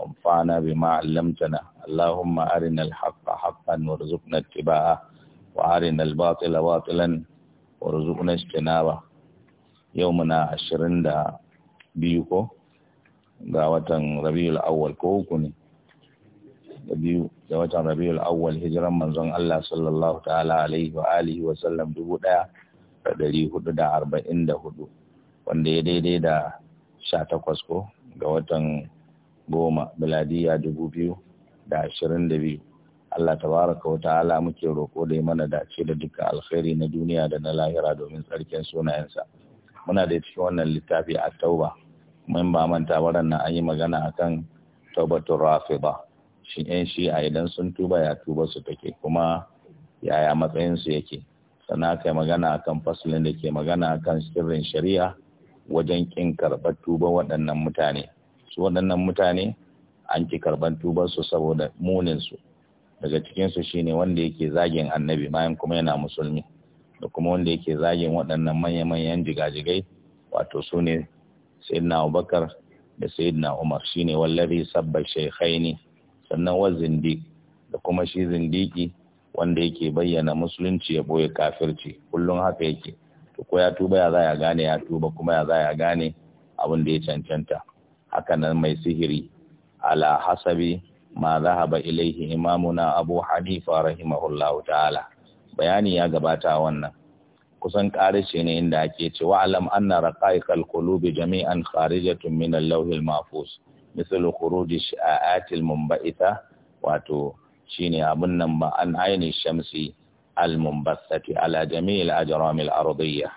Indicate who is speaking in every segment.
Speaker 1: وانفعنا بما علمتنا اللهم ارنا الحق حقا وارزقنا اتباعه وارنا الباطل باطلا وارزقنا اجتنابه يومنا عشرين دا بيوكو ga watan rabiul awwal ko uku ne biyu da watan rabiul awwal hijiran manzon Allah sallallahu ta'ala alaihi wa alihi wa sallam dubu da dari hudu da arba'in da hudu wanda ya daidai da sha takwas ko ga watan goma miladiya dubu biyu da ashirin da biyu Allah tabaraka wa ta'ala muke roƙo da yi mana dace da duka alkhairi na duniya da na lahira domin tsarkin sunayensa muna da cikin wannan littafi a tauba mun ba manta waran na an yi magana akan rafi rafida shi yan shi a idan sun tuba ya tuba su take kuma yaya matsayin su yake sannan kai yi magana akan fasalin da ke magana akan sirrin shari'a wajen kin karɓar tuba waɗannan mutane su waɗannan mutane an ki karban tubarsu saboda muninsu daga cikinsu shine wanda yake zagin annabi bayan kuma yana musulmi da kuma wanda yake zagin waɗannan manya-manyan jigajigai wato su ne sayidina abubakar da sayidina umar Shi ne wallafi sabbar ne. sannan wa zindiq da kuma shi zindiki wanda yake bayyana musulunci ya boye kafirci kullum haka yake to ko ya tuba ya za ya gane ya tuba kuma ya za ya gane abin da ya cancanta Hakanan mai sihiri ala hasabi ma zahaba ilaihi imamuna abu hanifa rahimahullahu ta'ala bayani ya gabata wannan kusan ƙarishe ne inda ake cewa wa'alam anna raqaiqal qulubi jami'an kharijatun min al-lawhil mahfuz misal khuruj shi'atil munba'itha wato shine abun nan ba an aini shamsi al-munbassati ala jami'il ajramil ardiyya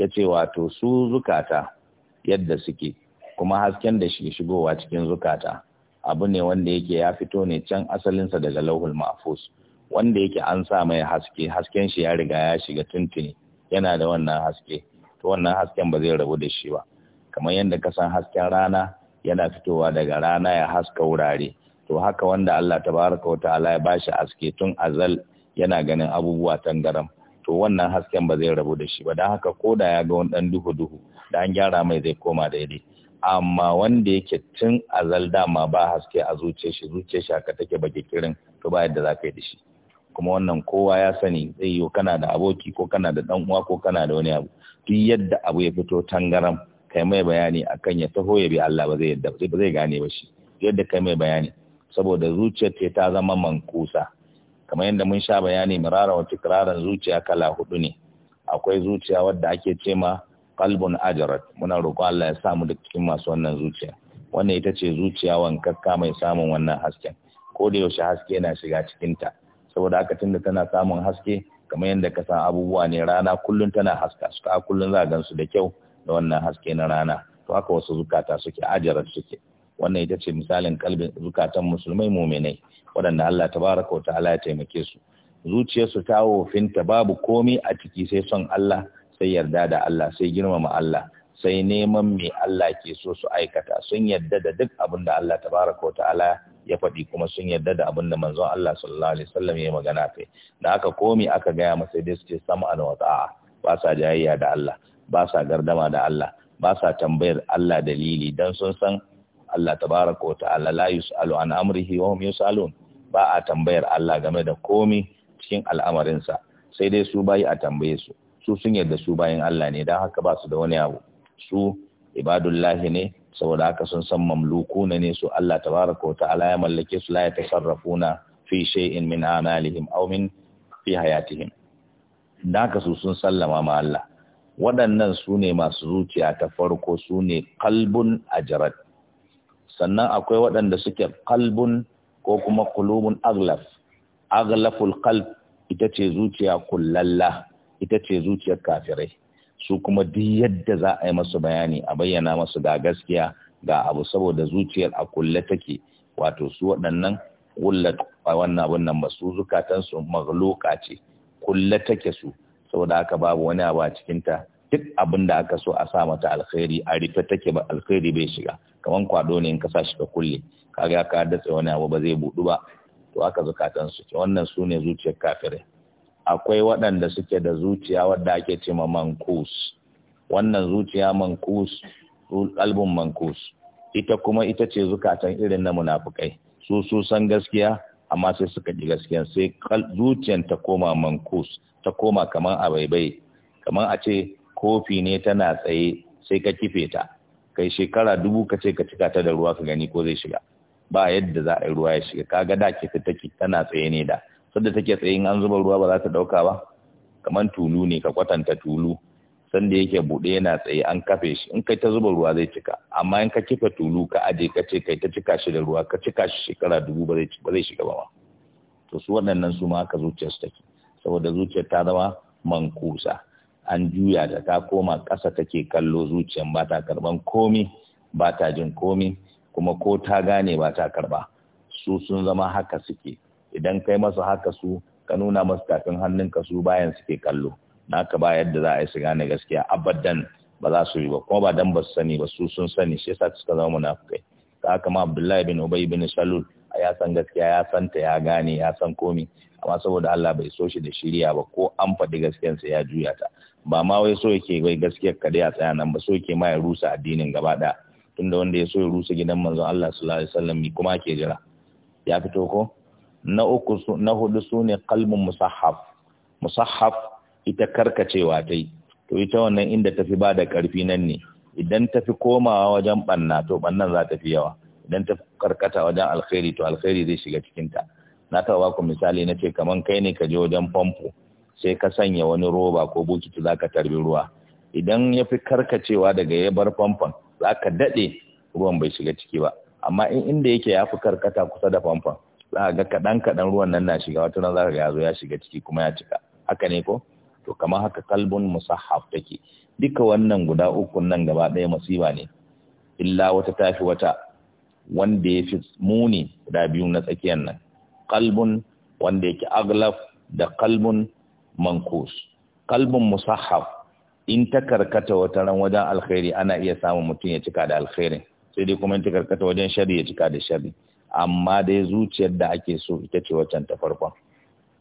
Speaker 1: yace wato su zukata yadda suke kuma hasken da shi shigowa cikin zukata abu ne wanda yake ya fito ne can asalinsa daga lauhul mafus wanda yake an sa mai haske hasken shi ya riga ya shiga tuntuni yana da wannan haske to wannan hasken ba zai rabu da shi ba kamar yadda ka san hasken rana yana fitowa daga rana ya haska wurare to haka wanda Allah ta baraka wata ala ya bashi haske tun azal yana ganin abubuwa tangaram to wannan hasken ba zai rabu da shi ba don haka ko da ya ga wani dan duhu duhu da an gyara mai zai koma daidai amma wanda yake tun azal dama ba haske a zuciyar shi zuciyar shi haka take baki kirin to ba yadda ka yi da shi kuma wannan kowa ya sani zai yi kana da aboki ko kana da dan uwa ko kana da wani abu duk yadda abu ya fito tangaram kai mai bayani akan ya taho ya bi Allah ba zai yadda ba zai gane ba shi yadda kai mai bayani saboda zuciyar ta ta zama mankusa kamar yadda mun sha bayani mirara wa zuciya kala hudu ne akwai zuciya wadda ake ce ma qalbun ajarat muna roƙo Allah ya samu da cikin masu wannan zuciya wannan ita ce zuciya wankakka mai samun wannan hasken ko da yaushe haske yana shiga cikin ta saboda haka tunda tana samun haske kamar yadda ka san abubuwa ne rana kullun tana haska su ka kullun za gan su da kyau da wannan haske na rana to haka wasu zukata suke ajarat suke wannan ita ce misalin kalbin zukatan musulmai muminai waɗanda Allah tabaraka wa ta'ala ya taimake su zuciyarsu ta wofinta babu komi a ciki sai son Allah sai yarda da Allah sai girmama Allah sai neman me Allah ke so su aikata sun yarda da duk abin da Allah tabaraka wa ta'ala ya faɗi kuma sun yarda da abin da manzon Allah sallallahu alaihi wasallam ya magana kai da aka komi aka gaya masa dai suke sama an wata'a ba sa jayayya da Allah ba sa gardama da Allah ba sa tambayar Allah dalili dan sun san Allah tabaraka wa ta'ala la yus'alu an amrihi wa hum yus'alun ba a tambayar Allah game da komi cikin al'amarinsa sai dai su bayi a tambaye su su sun yarda su bayan Allah ne don haka ba su da wani abu su ibadullahi ne saboda haka sun san mamlukuna ne su Allah tabaraka wa ta'ala ya mallake su la na fi shay'in min amalihim aw min fi hayatihim dan haka su sun sallama ma Allah waɗannan su ne masu zuciya ta farko su ne kalbun ajrad sannan akwai waɗanda suke kalbun ko kuma kulubun aglaf aglaful kalb, ita ce zuciya kullalla ita ce zuciyar kafirai su kuma duk yadda za a yi masu bayani a bayyana masu ga gaskiya ga abu saboda zuciyar a kulle take wato su waɗannan gullat a wannan abun nan ba su zukatansu magloka ce kulle take su saboda haka babu wani abu a cikin ta duk abin da aka so a sa mata alkhairi a rufe take ba alkhairi bai shiga kamar kwado ne in ka sa shi ka kulle kaga ka datse wani abu ba zai budu ba to haka zukatansu wannan su ne zuciyar kafirai akwai waɗanda suke da zuciya wadda ake ce ma mankus wannan zuciya mankus albin mankus ita kuma ita ce zukatan irin na munafukai su su san gaskiya amma sai suka ji gaskiya sai zuciyan ta koma mankus ta koma kamar a baibai kamar a ce kofi ne tana tsaye sai ka kife ta kai shekara dubu ka ce ka cika ta da ruwa ka gani ko zai shiga ba yadda za a yi ruwa ya shiga kaga da ke tana tsaye ne da sadda take tsayin an zuba ruwa ba za ta dauka ba kamar tulu ne ka kwatanta tulu sanda yake buɗe yana tsaye an kafe shi in kai ta zuba ruwa zai cika amma in ka kifa tulu ka aje ka ce kai ta cika shi da ruwa ka cika shi shekara dubu ba zai shiga ba ma to su waɗannan su ma zuciyarsu zuciyar su take saboda zuciyar ta zama mankusa an juya ta ta koma ƙasa take kallo zuciyar ba ta karban komi ba ta jin komi kuma ko ta gane ba ta karba su sun zama haka suke idan kai masu haka su ka nuna masu tafin hannunka su bayan suke kallo naka ba yadda za a yi su gane gaskiya abadan ba za su yi ba kuma ba dan ba su sani ba su sun sani shi yasa suka zama munafukai ta haka ma Abdullahi bin Ubay bin Salul ya san gaskiya ya san ta ya gane ya san komi amma saboda Allah bai so shi da shiriya ba ko an faɗi gaskiyar sa ya juya ta ba ma wai so yake bai gaskiyar ka dai a tsaya nan ba so yake ma ya rusa addinin gaba ɗaya tunda wanda ya so ya rusa gidan manzon Allah sallallahu alaihi wasallam kuma ke jira ya fito ko na uku na hudu sune qalbun Musahaf musahaf ita karkacewa tai to ita wannan inda tafi ba da karfi nan ne idan tafi komawa wajen banna to bannan za ta fi yawa idan tafi karkata wajen alkhairi to alkhairi zai shiga cikin ta na taɓa baku misali na ce kaman kai ne ka je wajen famfo sai ka sanya wani roba ko bukiti za ka tarbi ruwa idan ya fi karkacewa daga ya bar famfon za ka daɗe ruwan bai shiga ciki ba amma in inda yake ya fi karkata kusa da famfon za ga kaɗan kaɗan ruwan nan na shiga wata nan za ka ga ya shiga ciki kuma ya cika haka ne ko to kamar haka kalbun musahaf take duka wannan guda uku nan gaba ɗaya masiba ne illa wata tafi wata wanda ya fi muni guda biyu na tsakiyar nan kalbun wanda yake aglaf da kalbun mankus kalbun musahaf in ta karkata wata ran wajen alkhairi ana iya samun mutum ya cika da alkhairin sai dai kuma in ta karkata wajen shari ya cika da shari amma dai zuciyar da ake so ita ce waccan ta farkon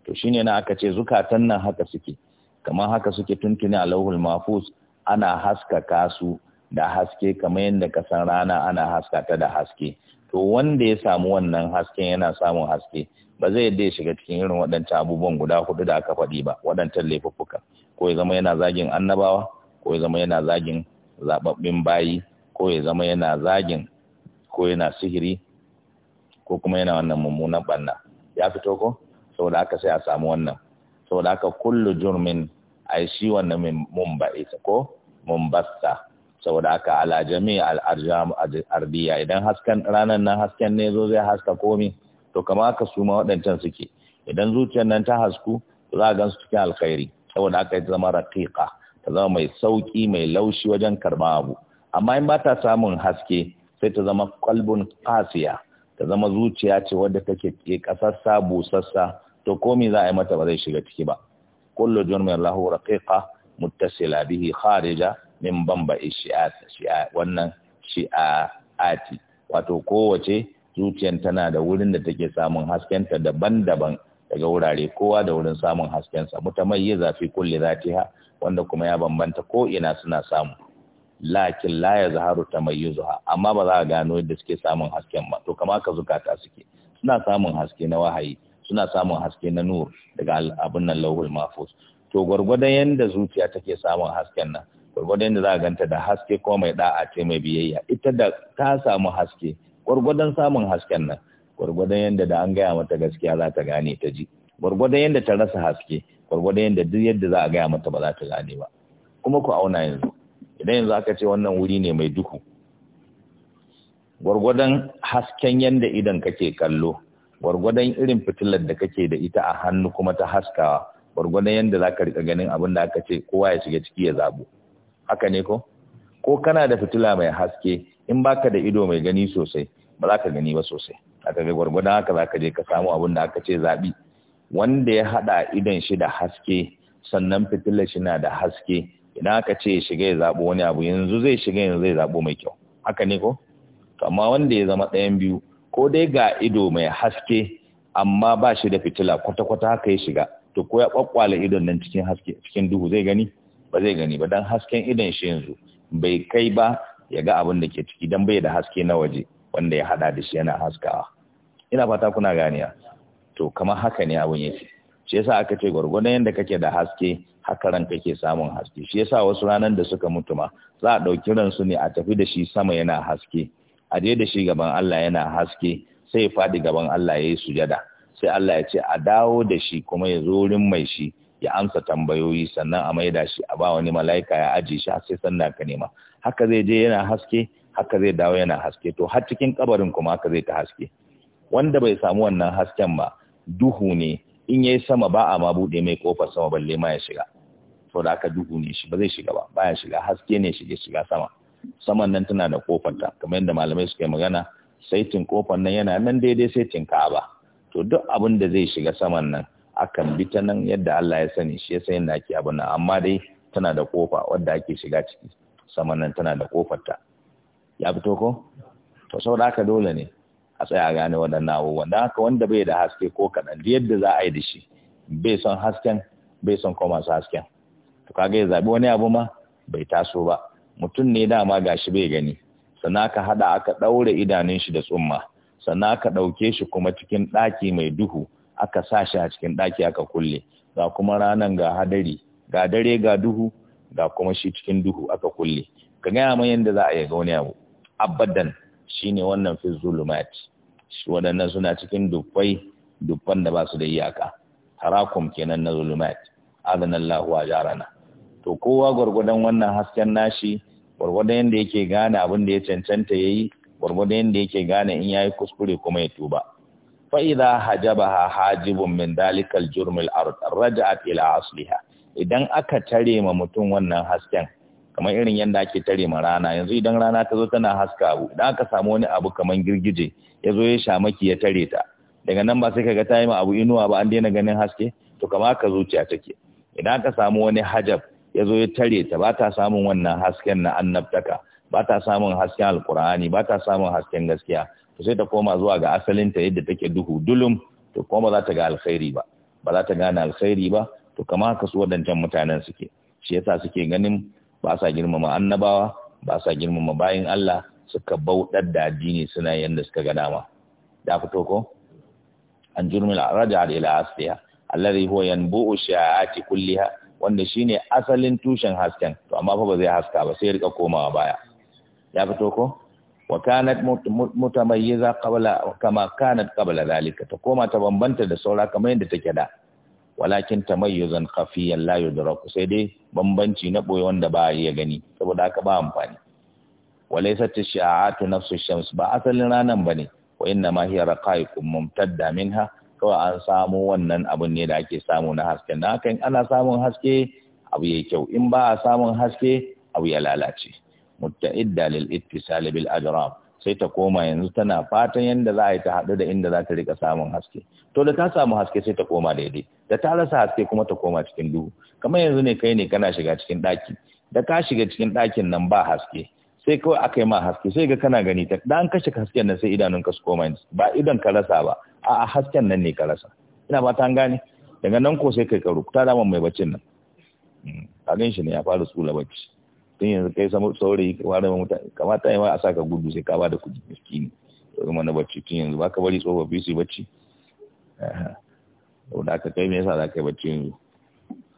Speaker 1: to shine na aka ce zukatan nan haka suke kamar haka suke tuntuni a lauhul mafus ana haskaka su da haske kamar yadda kasan rana ana haska ta da haske to wanda ya samu wannan haske yana samun haske ba zai yadda ya shiga cikin irin waɗancan abubuwan guda hudu da aka faɗi ba waɗancan laifuffuka ko ya zama yana zagin annabawa ko ya zama yana zagin zababbin bayi ko ya zama yana zagin ko yana sihiri ko kuma yana wannan mummunan banna ya fito ko saboda haka sai a samu wannan saboda aka kullu jurmin yi shi wannan min mumba'ita ko mumbasta saboda haka ala jami al ardiya idan hasken ranar nan hasken ne zo zai haska komi to kama aka suma waɗancan suke idan zuciyar nan ta hasku to za a gan su cikin alkhairi saboda haka ita zama raƙiƙa ta zama mai sauƙi mai laushi wajen karɓar abu amma in ba ta samun haske sai ta zama kwalbun kasiya ta zama zuciya ce wadda take ke kasassa busassa to komai za a yi mata ba zai shiga ciki ba kullu min lahu raqiqa muttasila bihi kharija min bamba shi'at wannan a ati wato kowace zuciyar tana da wurin da take samun haskenta daban-daban daga wurare kowa da wurin samun haskensa mutamayyiza fi kulli zatiha wanda kuma ya bambanta ko ina suna samu lakin la ya zaharu ta mai yuzuha amma ba za a gano yadda suke samun hasken ba to kama ka zukata suke suna samun haske na wahayi suna samun haske na nur daga abin nan lauhul mafus to gwargwadon yadda zuciya take samun hasken nan gwargwadon yadda za a ganta da haske ko mai da'a ce mai biyayya ita da ta samu haske gwargwadon samun hasken nan gwargwadon yadda da an gaya mata gaskiya za ta gane ta ji gwargwadon yadda ta rasa haske gwargwadon yadda duk yadda za a gaya mata ba za ta gane ba kuma ku auna yanzu idan yanzu aka ce wannan wuri ne mai duhu gwargwadon hasken yadda idan kake kallo gwargwadon irin fitilar da kake da ita a hannu kuma ta haskawa gwargwadon yadda za ka riƙa ganin abin da aka ce kowa ya shiga ciki ya zabu haka ne ko ko kana da fitila mai haske in baka da ido mai gani sosai ba za ka gani ba sosai a ga gwargwadon haka za ka je ka samu abin da aka ce zaɓi wanda ya haɗa idon shi da haske sannan fitilar shi na da haske idan aka ce ya shiga ya zaɓo wani abu yanzu zai shiga yanzu zai zaɓo mai kyau haka ne ko to amma wanda ya zama ɗayan biyu ko dai ga ido mai haske amma ba shi da fitila kwata-kwata haka ya shiga to ko ya kwakwale idon nan cikin haske cikin duhu zai gani ba zai gani ba dan hasken idon shi yanzu bai kai ba ya ga abin da ke ciki dan bai da haske na waje wanda ya haɗa da shi yana haskawa ina fata kuna ganiya to kamar haka ne abin yake shi yasa aka ce gwargwadon yadda kake da haske haka ran take samun haske shi yasa wasu ranan da suka mutu ma za a ɗauki ransu ne a tafi da shi sama yana haske a je da shi gaban Allah yana haske sai ya faɗi gaban Allah ya yi sujada sai Allah ya ce a dawo da shi kuma ya zo wurin mai shi ya amsa tambayoyi sannan a maida shi a ba wani mala'ika ya aji shi sai sannan ka nema haka zai je yana haske haka zai dawo yana haske to har cikin kabarin kuma haka zai ta haske wanda bai samu wannan hasken ba duhu ne in yayi sama ba a ma bude mai kofar sama balle ma ya shiga to da aka duhu ne shi ba zai shiga ba baya shiga haske ne shige shiga sama saman nan tana da kofarta kamar yadda malamai suka yi magana saitin kofar nan yana nan daidai saitin ba to duk abin da zai shiga saman nan akan bi ta nan yadda Allah ya sani shi ya san ki ki abin nan amma dai tana da kofa wadda ake shiga ciki saman nan tana da kofarta ya fito ko to saboda haka dole ne a tsaya gane waɗannan abubuwan don haka wanda bai da haske ko kaɗan yadda za a yi da shi bai son hasken bai son koma su hasken to kaga ya zabi wani abu ma bai taso ba mutum ne dama ga shi bai gani sannan aka hada aka daure idanun shi da tsumma sannan aka dauke shi kuma cikin daki mai duhu aka sa shi a cikin daki aka kulle ga kuma ranan ga hadari ga dare ga duhu ga kuma shi cikin duhu aka kulle ka gaya mai yadda za a yi ga wani abu abadan shine wannan fi zulumat waɗannan suna cikin dubbai dubban da ba su da iyaka Harakum kenan na zulumat adana Allahu ajarana to kowa gwargwadon wannan hasken nashi gwargwadon yadda yake gane abin da ya cancanta ya yi gwargwadon yadda yake gane in ya yi kuskure kuma ya tuba fa'iza ha hajibun min dalikal jurmil ard raja'at ila asliha idan aka tare ma mutum wannan hasken kamar irin yadda ake tare ma rana yanzu idan rana ta zo tana haska abu idan aka samu wani abu kamar girgije ya zo ya shamaki ya tare ta daga nan ba sai ka ga ta yi ma abu inuwa ba an daina ganin haske to kama ka zuciya take idan aka samu wani hajab ya zo ya tare ta ba ta samun wannan hasken na annabtaka ba ta samun hasken alkur'ani ba ta samun hasken gaskiya to sai ta koma zuwa ga asalinta yadda take duhu dulum to kuma ba za ta ga alkhairi ba ba za ta gane alkhairi ba to kama haka su waɗancan mutanen suke shi yasa suke ganin ba sa girmama annabawa ba sa girmama bayin Allah suka bauɗar da addini suna yanda suka ga dama da fito ko an jurmil raja'a ila asliha alladhi huwa yanbu'u sha'ati kulliha wanda shine asalin tushen hasken to amma fa ba zai haska ba sai rika komawa baya ya fito ko wa kanat mutamayyiza qabla kama kanat qabla zalika ta koma ta bambanta da saura kamar yadda take da walakin tamayyuzan khafiyan la yudraku sai dai bambanci na boye wanda ba ya gani saboda haka ba amfani walaysat sha'atu nafsu shams ba asalin ranan bane wa inna ma hiya raqaiqum mumtadda minha kawai an samu wannan abin ne da ake samu na hasken Na kan ana samun haske abu ya kyau in ba a samun haske abu ya lalace mutta'idda lil ittisal bil ajram sai ta koma yanzu tana fatan yanda za a yi ta haɗu da inda za ta rika samun haske to da ta samu haske sai ta koma daidai da ta rasa haske kuma ta koma cikin duhu kamar yanzu ne kai ne kana shiga cikin ɗaki da ka shiga cikin ɗakin nan ba haske sai kawai aka yi ma haske sai ga kana gani ta dan kashe hasken nan sai idanun ka su koma ba idan ka rasa ba a hasken nan ne ka rasa ina ba ta gane daga nan ko sai kai ka rubuta da mai baccin nan hmm, A gan shi ne ya fara tsula bacci tun yanzu kai samu saurayi ka fara mutane kamata yawa a saka gudu sai ka ba da kuɗi miskini to zama na bacci tun yanzu baka bari tsofaffi su yi bacci da aka kai me yasa za ka yi bacci yanzu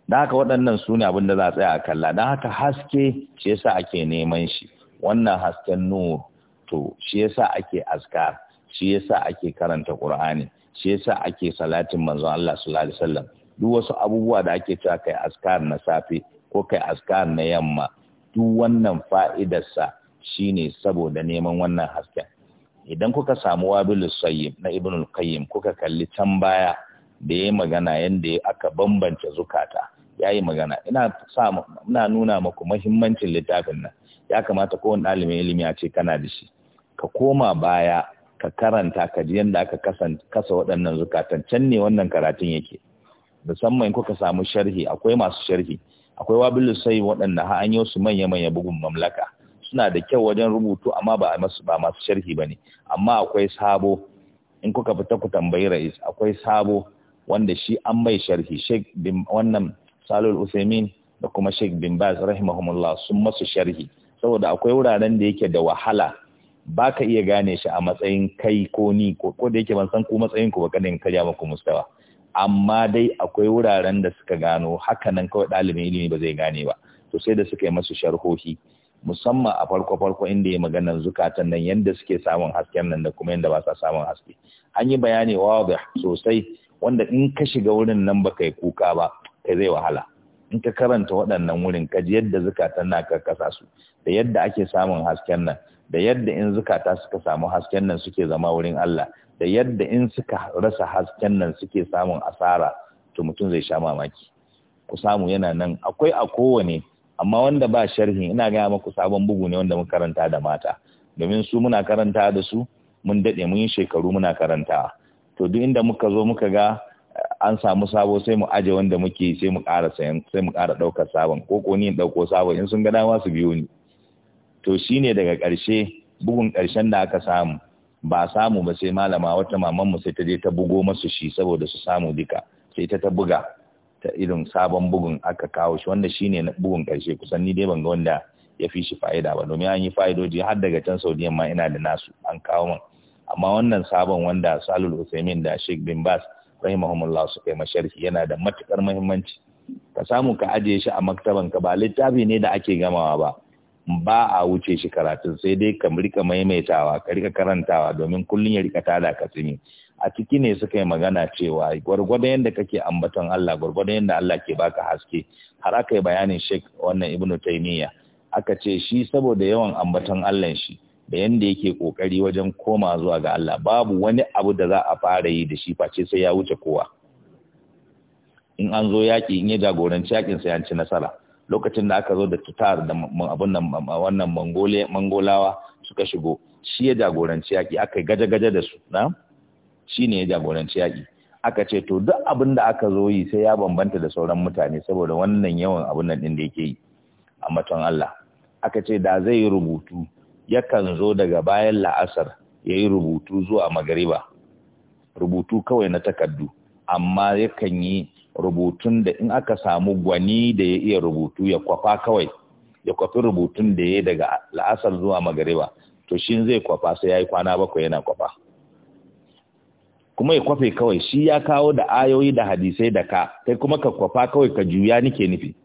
Speaker 1: da haka waɗannan su ne abin da za a tsaya a kalla don haka haske shi yasa ake neman shi wannan hasken nuru to shi yasa ake askar shi yasa ake karanta Qur'ani shi yasa ake salatin manzon Allah sallallahu alaihi wasallam duk wasu abubuwa da ake cewa kai askar na safe ko kai askar na yamma duk wannan fa'idarsa shine saboda neman wannan hasken idan kuka samu wabilus sayyib na al qayyim kuka kalli can baya da yayi magana yanda aka bambance zukata yayi magana ina sa ina nuna maku muhimmancin littafin nan ya kamata kowane ɗalibin ilimi a ce kana da shi ka koma baya ka karanta ka ji yadda aka kasa waɗannan zukatan can ne wannan karatun yake musamman kuka samu sharhi akwai masu sharhi akwai wabilu sai waɗanda ha su manya-manya bugun mamlaka suna da kyau wajen rubutu amma ba masu ba masu sharhi bane amma akwai sabo in kuka fita ku tambayi rais akwai sabo wanda shi an mai sharhi sheik bin wannan salul usaimin da kuma sheik bin baz rahimahumullah sun masu sharhi saboda akwai wuraren da yake da wahala ba ka iya gane shi a matsayin kai ko ni ko da yake ban san ku matsayin ku ba kada in karya muku mustawa amma dai akwai wuraren da suka gano haka nan kawai dalibin ilimi ba zai gane ba to sai da suka yi masu sharhohi musamman a farko farko inda ya maganar zukatan nan yadda suke samun hasken nan da kuma yadda ba sa samun haske an yi bayani wadih sosai wanda in ka shiga wurin nan ba kai kuka ba kai zai wahala in ka karanta waɗannan wurin ka ji yadda zukatan na karkasa su da yadda ake samun hasken nan da yadda in zukata suka samu hasken nan suke zama wurin Allah da yadda in suka rasa hasken nan suke samun asara to mutum zai sha mamaki ku samu yana nan akwai a kowane amma wanda ba sharhi ina gaya maku sabon bugu ne wanda mun karanta da mata domin su muna karanta da su mun daɗe mun yi shekaru muna karanta to duk inda muka zo muka ga eh, an samu sabo sai mu aje wanda muke sai mu ƙara sayan sai mu ƙara ɗaukar sabon ko ko ni ɗauko sabon in sun ga dama su biyo ni to shi ne daga ƙarshe bugun ƙarshen da aka samu ba samu ba sai malama wata mamanmu sai ta je ta bugo masu shi saboda su samu duka sai ta ta buga ta irin sabon bugun aka kawo shi wanda shi ne bugun ƙarshe kusan ni dai ban ga wanda ya fi shi fa'ida ba domin an yi fa'idoji har daga can saudiyan ma ina da nasu an kawo min amma wannan sabon wanda salul usaimin da sheikh bin bas rahimahumullah su kai masharhi yana da matukar muhimmanci ka samu ka ajiye shi a maktaban ka ba littafi ne da ake gamawa ba ba a wuce shi karatun sai dai ka rika maimaitawa ka rika karantawa domin kullum ya rika tada ka tsimi. a ciki ne suka yi magana cewa gwargwadon yadda kake ambaton Allah gwargwadon yadda Allah ke baka haske har aka yi bayanin Sheikh wannan Ibn Taymiyyah aka ce shi saboda yawan ambaton Allah shi da yadda yake kokari wajen koma zuwa ga Allah babu wani abu da za a fara yi da shi face sai ya wuce kowa in an zo yaƙi in ya jagoranci yaƙin sai an ci nasara lokacin da aka zo da tutar da abun nan wannan mangolawa suka shigo shi ya jagoranci yaƙi aka gaja gaje da su na shi ne ya jagoranci yaki aka ce to duk abin da aka zo yi sai ya bambanta da sauran mutane saboda wannan yawan abun nan ɗin da yake yi a matan Allah aka ce da zai yi rubutu yakan zo daga bayan la'asar ya yi rubutu zuwa magariba rubutu kawai na takardu amma yakan yi rubutun da in aka samu gwani da ya iya rubutu ya kwafa kawai ya kwafi rubutun da ya daga la'asar zuwa magariba to shi zai kwafa sai ya yi kwana bakwai yana kwafa kuma ya kwafe kawai shi ya kawo da ayoyi da hadisai da ka kai kuma ka kwafa kawai ka juya nike nufi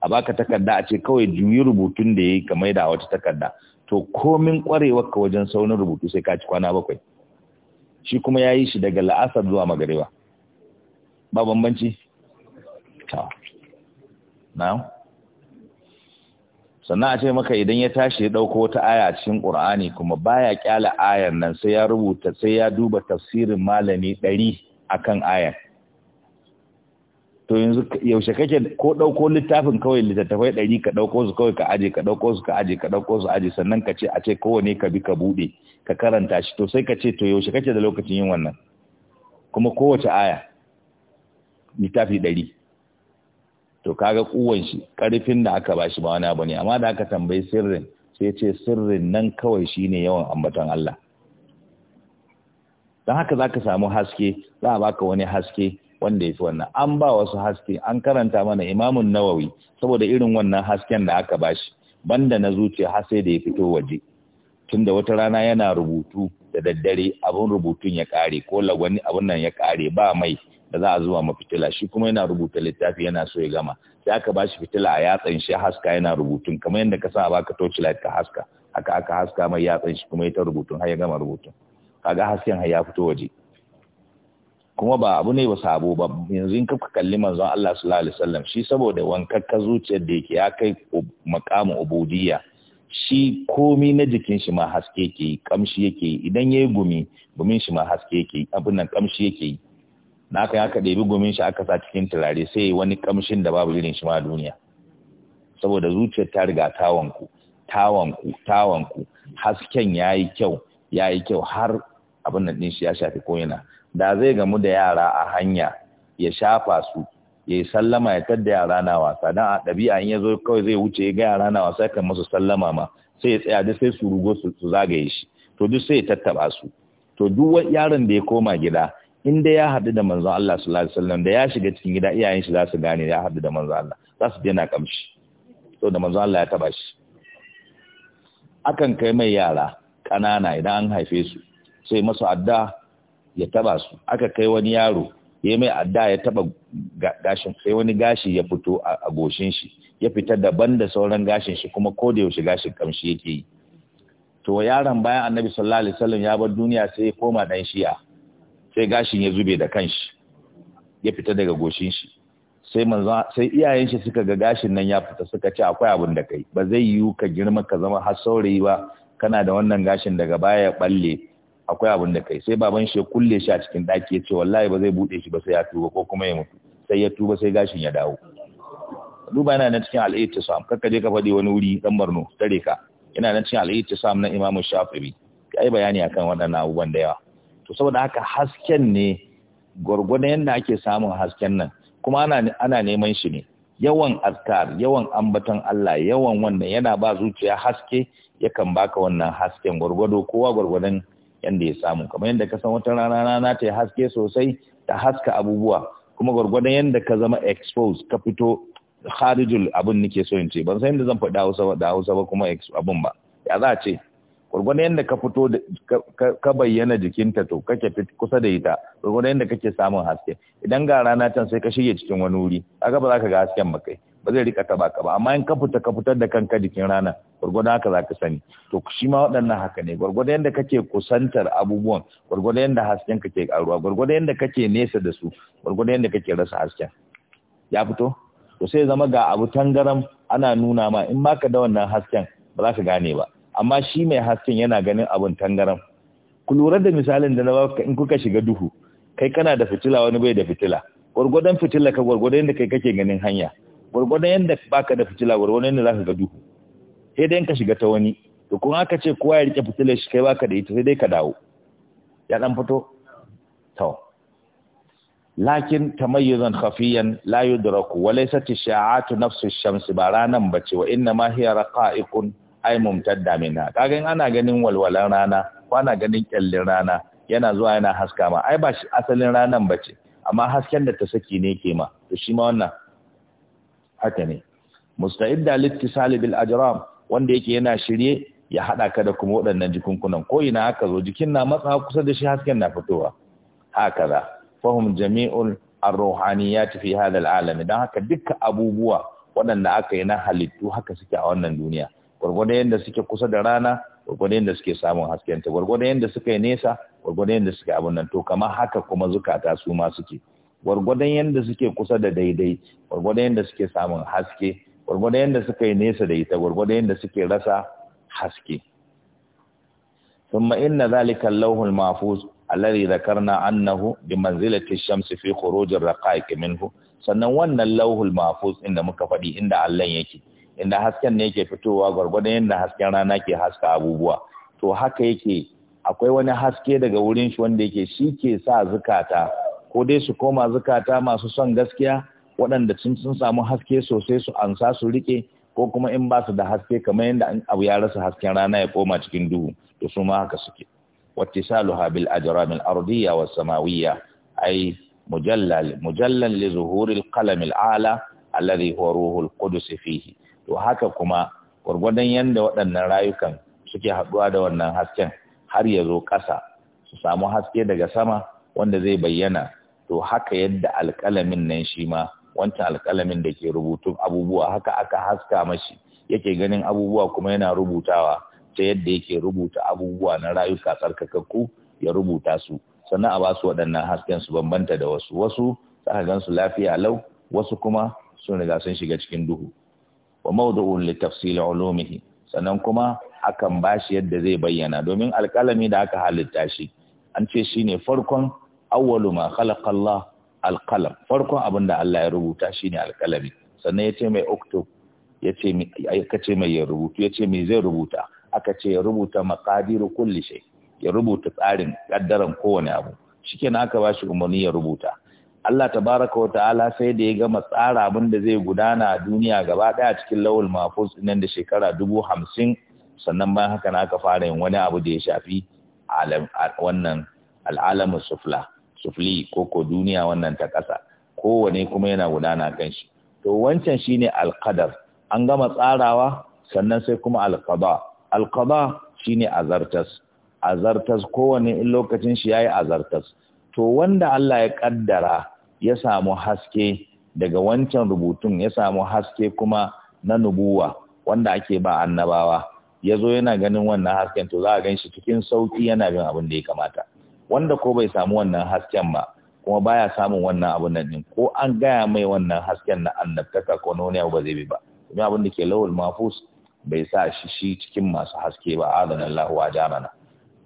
Speaker 1: a baka takarda a ce kawai juyi rubutun da ya yi ka da wata takarda to komin kwarewa ka wajen saunin rubutu sai ka ci kwana bakwai shi kuma ya yi shi daga la'asar zuwa magariba ba bambanci kyakkyawa na'am sannan a ce maka idan ya tashi ya dauko wata aya a cikin qur'ani kuma baya kyala ayan nan sai ya rubuta sai ya duba tafsirin malami ɗari akan ayan to yanzu yaushe kake ko dauko littafin kawai littattafai 100 ka dauko su kawai ka aje ka dauko su ka aje ka dauko su aje sannan ka ce a ce kowane ka bi ka bude ka karanta shi to sai ka ce to yaushe kake da lokacin yin wannan kuma kowace aya littafi 100 to kaga kuwan shi karfin da aka bashi ba wani abu ne amma da aka tambayi sirrin sai ce sirrin nan kawai shine yawan ambaton Allah dan haka zaka samu haske za a baka wani haske wanda yafi wannan an ba wasu haske an karanta mana imamun nawawi saboda irin wannan hasken da aka bashi banda na zuciya har sai da ya fito waje tunda wata rana yana rubutu da daddare abin rubutun ya kare ko lagwani abun nan ya kare ba mai da za a zuwa ma fitila shi kuma yana rubuta littafi yana so ya gama sai aka ba shi fitila a yatsan shi haska yana rubutun kamar yadda ka sa a baka torchlight ka haska haka aka haska mai yatsan shi kuma ya ta rubutun har ya gama rubutun kaga hasken har ya fito waje kuma ba abu ne ba sabo ba yanzu in ka kalli manzon Allah sallallahu alaihi wasallam shi saboda wankakka zuciyar da yake ya kai makamin ubudiyya shi komi na jikin shi ma haske yake kamshi yake yi idan yayi gumi gumin shi ma haske yake yi abin nan kamshi yake yi na aka aka ɗebi gumin shi aka sa cikin turare sai yi wani kamshin da babu irin shi ma duniya saboda zuciyar ta riga tawanku tawanku tawanku hasken ya yi kyau ya yi kyau har abin da ɗin shi ya shafi koyina da zai gamu da yara a hanya ya shafa su ya yi sallama ya tadda yara na wasa don a ɗabi'a in ya zo kawai zai wuce ya ga yara na wasa kan masu sallama ma sai ya tsaya duk sai su rugo su zagaye shi to duk sai ya tattaba su to duk yaron da ya koma gida Inda ya haɗu da manzon Allah sallallahu alaihi wasallam da ya shiga cikin gida iyayen shi za su gane ya haɗu da manzon Allah za su daina kamshi so da manzon Allah ya taba shi akan kai mai yara ƙanana idan an haife su sai masu adda ya taba su aka kai wani yaro ya mai adda ya taba gashin sai wani gashi ya fito a goshin shi ya fita daban da sauran gashin shi kuma ko da yaushe gashin kamshi yake yi to yaron bayan annabi sallallahu alaihi wasallam ya bar duniya sai ya koma dan shiya sai gashin ya zube da kanshi ya fita daga goshin shi sai manzo sai iyayen shi suka ga gashin nan ya fita suka ce akwai abin da kai ba zai yiwu ka girma ka zama har saurayi ba kana da wannan gashin daga baya ya balle akwai abin da kai sai baban shi ya kulle shi a cikin daki ya ce wallahi ba zai bude shi ba sai ya tuba ko kuma ya mutu sai ya tuba sai gashin ya dawo duba yana nan cikin al'ayyar sam kakka je ka faɗi wani wuri dan barno tare ka yana nan cikin al'ayyar sam na Imam Shafi'i ai bayani akan waɗannan abubuwan da yawa to saboda haka hasken ne gwargwadon yadda ake samun hasken nan kuma ana neman shi ne yawan azkar yawan ambaton Allah yawan wannan yana ba zuciya haske yakan baka wannan hasken gwargwado kowa gwargwadon yadda ya samu kamar yadda ka san wata rana na ta yi haske sosai ta haska abubuwa kuma gwargwadon yadda ka zama expose ka fito kharijul abin nake so in ce ban san yadda zan faɗa Hausa da Hausa ba kuma abin ba ya za a ce gurgurdan yadda ka fito ka bayyana jikinta to kake kusa da ita gurgurdan yadda kake samun haske idan ga rana can sai ka shige cikin wani wuri aka ba za ka ga hasken ba ba zai rika taba ka ba amma in ka fita ka fitar da kanka jikin rana gurgurdan haka za ka sani to shi ma waɗannan haka ne gurgurdan yadda kake kusantar abubuwan gurgurdan yadda hasken kake karuwa gurgurdan yadda kake nesa da su gurgurdan yadda kake rasa hasken ya fito to sai zama ga abu tangaram ana nuna ma in ba ka da wannan hasken ba za ka gane ba amma shi mai hasken yana ganin abin tangaram ku lura da misalin da na baka in kuka shiga duhu kai kana da fitila wani bai da fitila gwargwadon fitila ka gwargwadon yadda kai kake ganin hanya gwargwadon yadda baka da fitila gwargwadon yadda zaka ga duhu sai dai ka shiga ta wani to kun aka ce kowa ya rike fitilar shi kai baka da ita sai dai ka dawo ya dan fito to lakin tamayyuzan khafiyan la yudraku wa laysat sha'atu nafsu ash shamsi ba ranan bace wa inna ma hiya raqa'iqun ai damina minha kaga in ana ganin walwalan rana ko ana ganin kyallin rana yana zuwa yana haska ma ai ba asalin ranan ba ce. amma hasken da ta saki ne ke ma to shi ma wannan haka ne musta'idda littisal bil ajram wanda yake yana shirye ya hada ka da kuma waɗannan jikunkunan ko ina haka zo jikin na matsa kusa da shi hasken na fitowa haka za fahim jami'ul arruhaniyat fi hadha alam dan haka dukkan abubuwa waɗanda aka yi na halittu haka suke a wannan duniya gwargwadon yadda suke kusa da rana gwargwadon yadda suke samun haskenta gwargwadon yadda suka yi nesa gwargwadon yadda suke abin nan to kamar haka kuma zukata su ma suke gwargwadon yadda suke kusa da daidai gwargwadon yadda suke samun haske gwargwadon yadda suka yi nesa da ita gwargwadon yadda suke rasa haske ثم إن ذلك اللوح المحفوظ الذي ذكرنا أنه بمنزلة الشمس في خروج الرقائق منه sannan wannan lauhul mahfuz inda muka fadi inda Allah yake inda hasken ne yake fitowa gwargwadon yadda hasken rana ke haska abubuwa to haka yake akwai wani haske daga wurin shi wanda yake shi ke sa zukata ko dai su koma zukata masu son gaskiya waɗanda sun sun samu haske sosai su ansa su rike ko kuma in ba su da haske kamar yadda abu ya rasa hasken rana ya koma cikin duhu to su ma haka suke wattisaluha luhabil ajram al ardiyya was samawiyya ay mujallal mujallal li zuhuri al qalam al ala alladhi huwa ruhul qudus fihi to haka kuma gwargwadon yadda waɗannan rayukan suke haɗuwa da wannan hasken har ya zo ƙasa su samu haske daga sama wanda zai bayyana to haka yadda alƙalamin nan shi ma wancan alƙalamin da ke rubutun abubuwa haka aka haska mashi yake ganin abubuwa kuma yana rubutawa ta yadda yake rubuta abubuwa na rayuka tsarkakakku ya rubuta su sannan a ba su waɗannan hasken su bambanta da wasu wasu za gan su lafiya lau wasu kuma sun riga sun shiga cikin duhu wa mawdu'un li tafsil sannan kuma akan bashi yadda zai bayyana domin alƙalami da aka halitta shi an ce shine farkon awwalu ma khalaqa Allah alqalam farkon abin da Allah ya rubuta shine alƙalami sannan yace mai Oktob yace mai kace mai ya rubutu yace mai zai rubuta aka ce ya rubuta maqadiru kulli shay ya rubuta tsarin kaddaran kowane abu shikenan aka bashi umarni ya rubuta Allah Ta tabaraka wata'ala sai da ya gama tsara abin da zai gudana a duniya gaba daya cikin lawul mafus nan da shekara dubu hamsin sannan bayan haka na aka fara yin wani abu da ya shafi wannan al'alamin sufla sufli ko ko duniya wannan ta ƙasa kowane kuma yana gudana kan shi to wancan shine alqadar an gama tsarawa sannan sai kuma alqada alqada shine azartas azartas kowane in lokacin shi yayi azartas to wanda Allah ya kaddara ya samu haske daga wancan rubutun ya samu haske kuma na nubuwa wanda ake ba annabawa ya zo yana ganin wannan hasken to za a gan shi cikin sauki yana bin abin da ya kamata wanda ko bai samu wannan hasken ba kuma baya samun wannan abin nan din ko an gaya mai wannan hasken na annabtaka ko nuna ba zai bi ba domin abin da ke lawul mafus bai sa shi shi cikin masu haske ba adana Allah wa jamana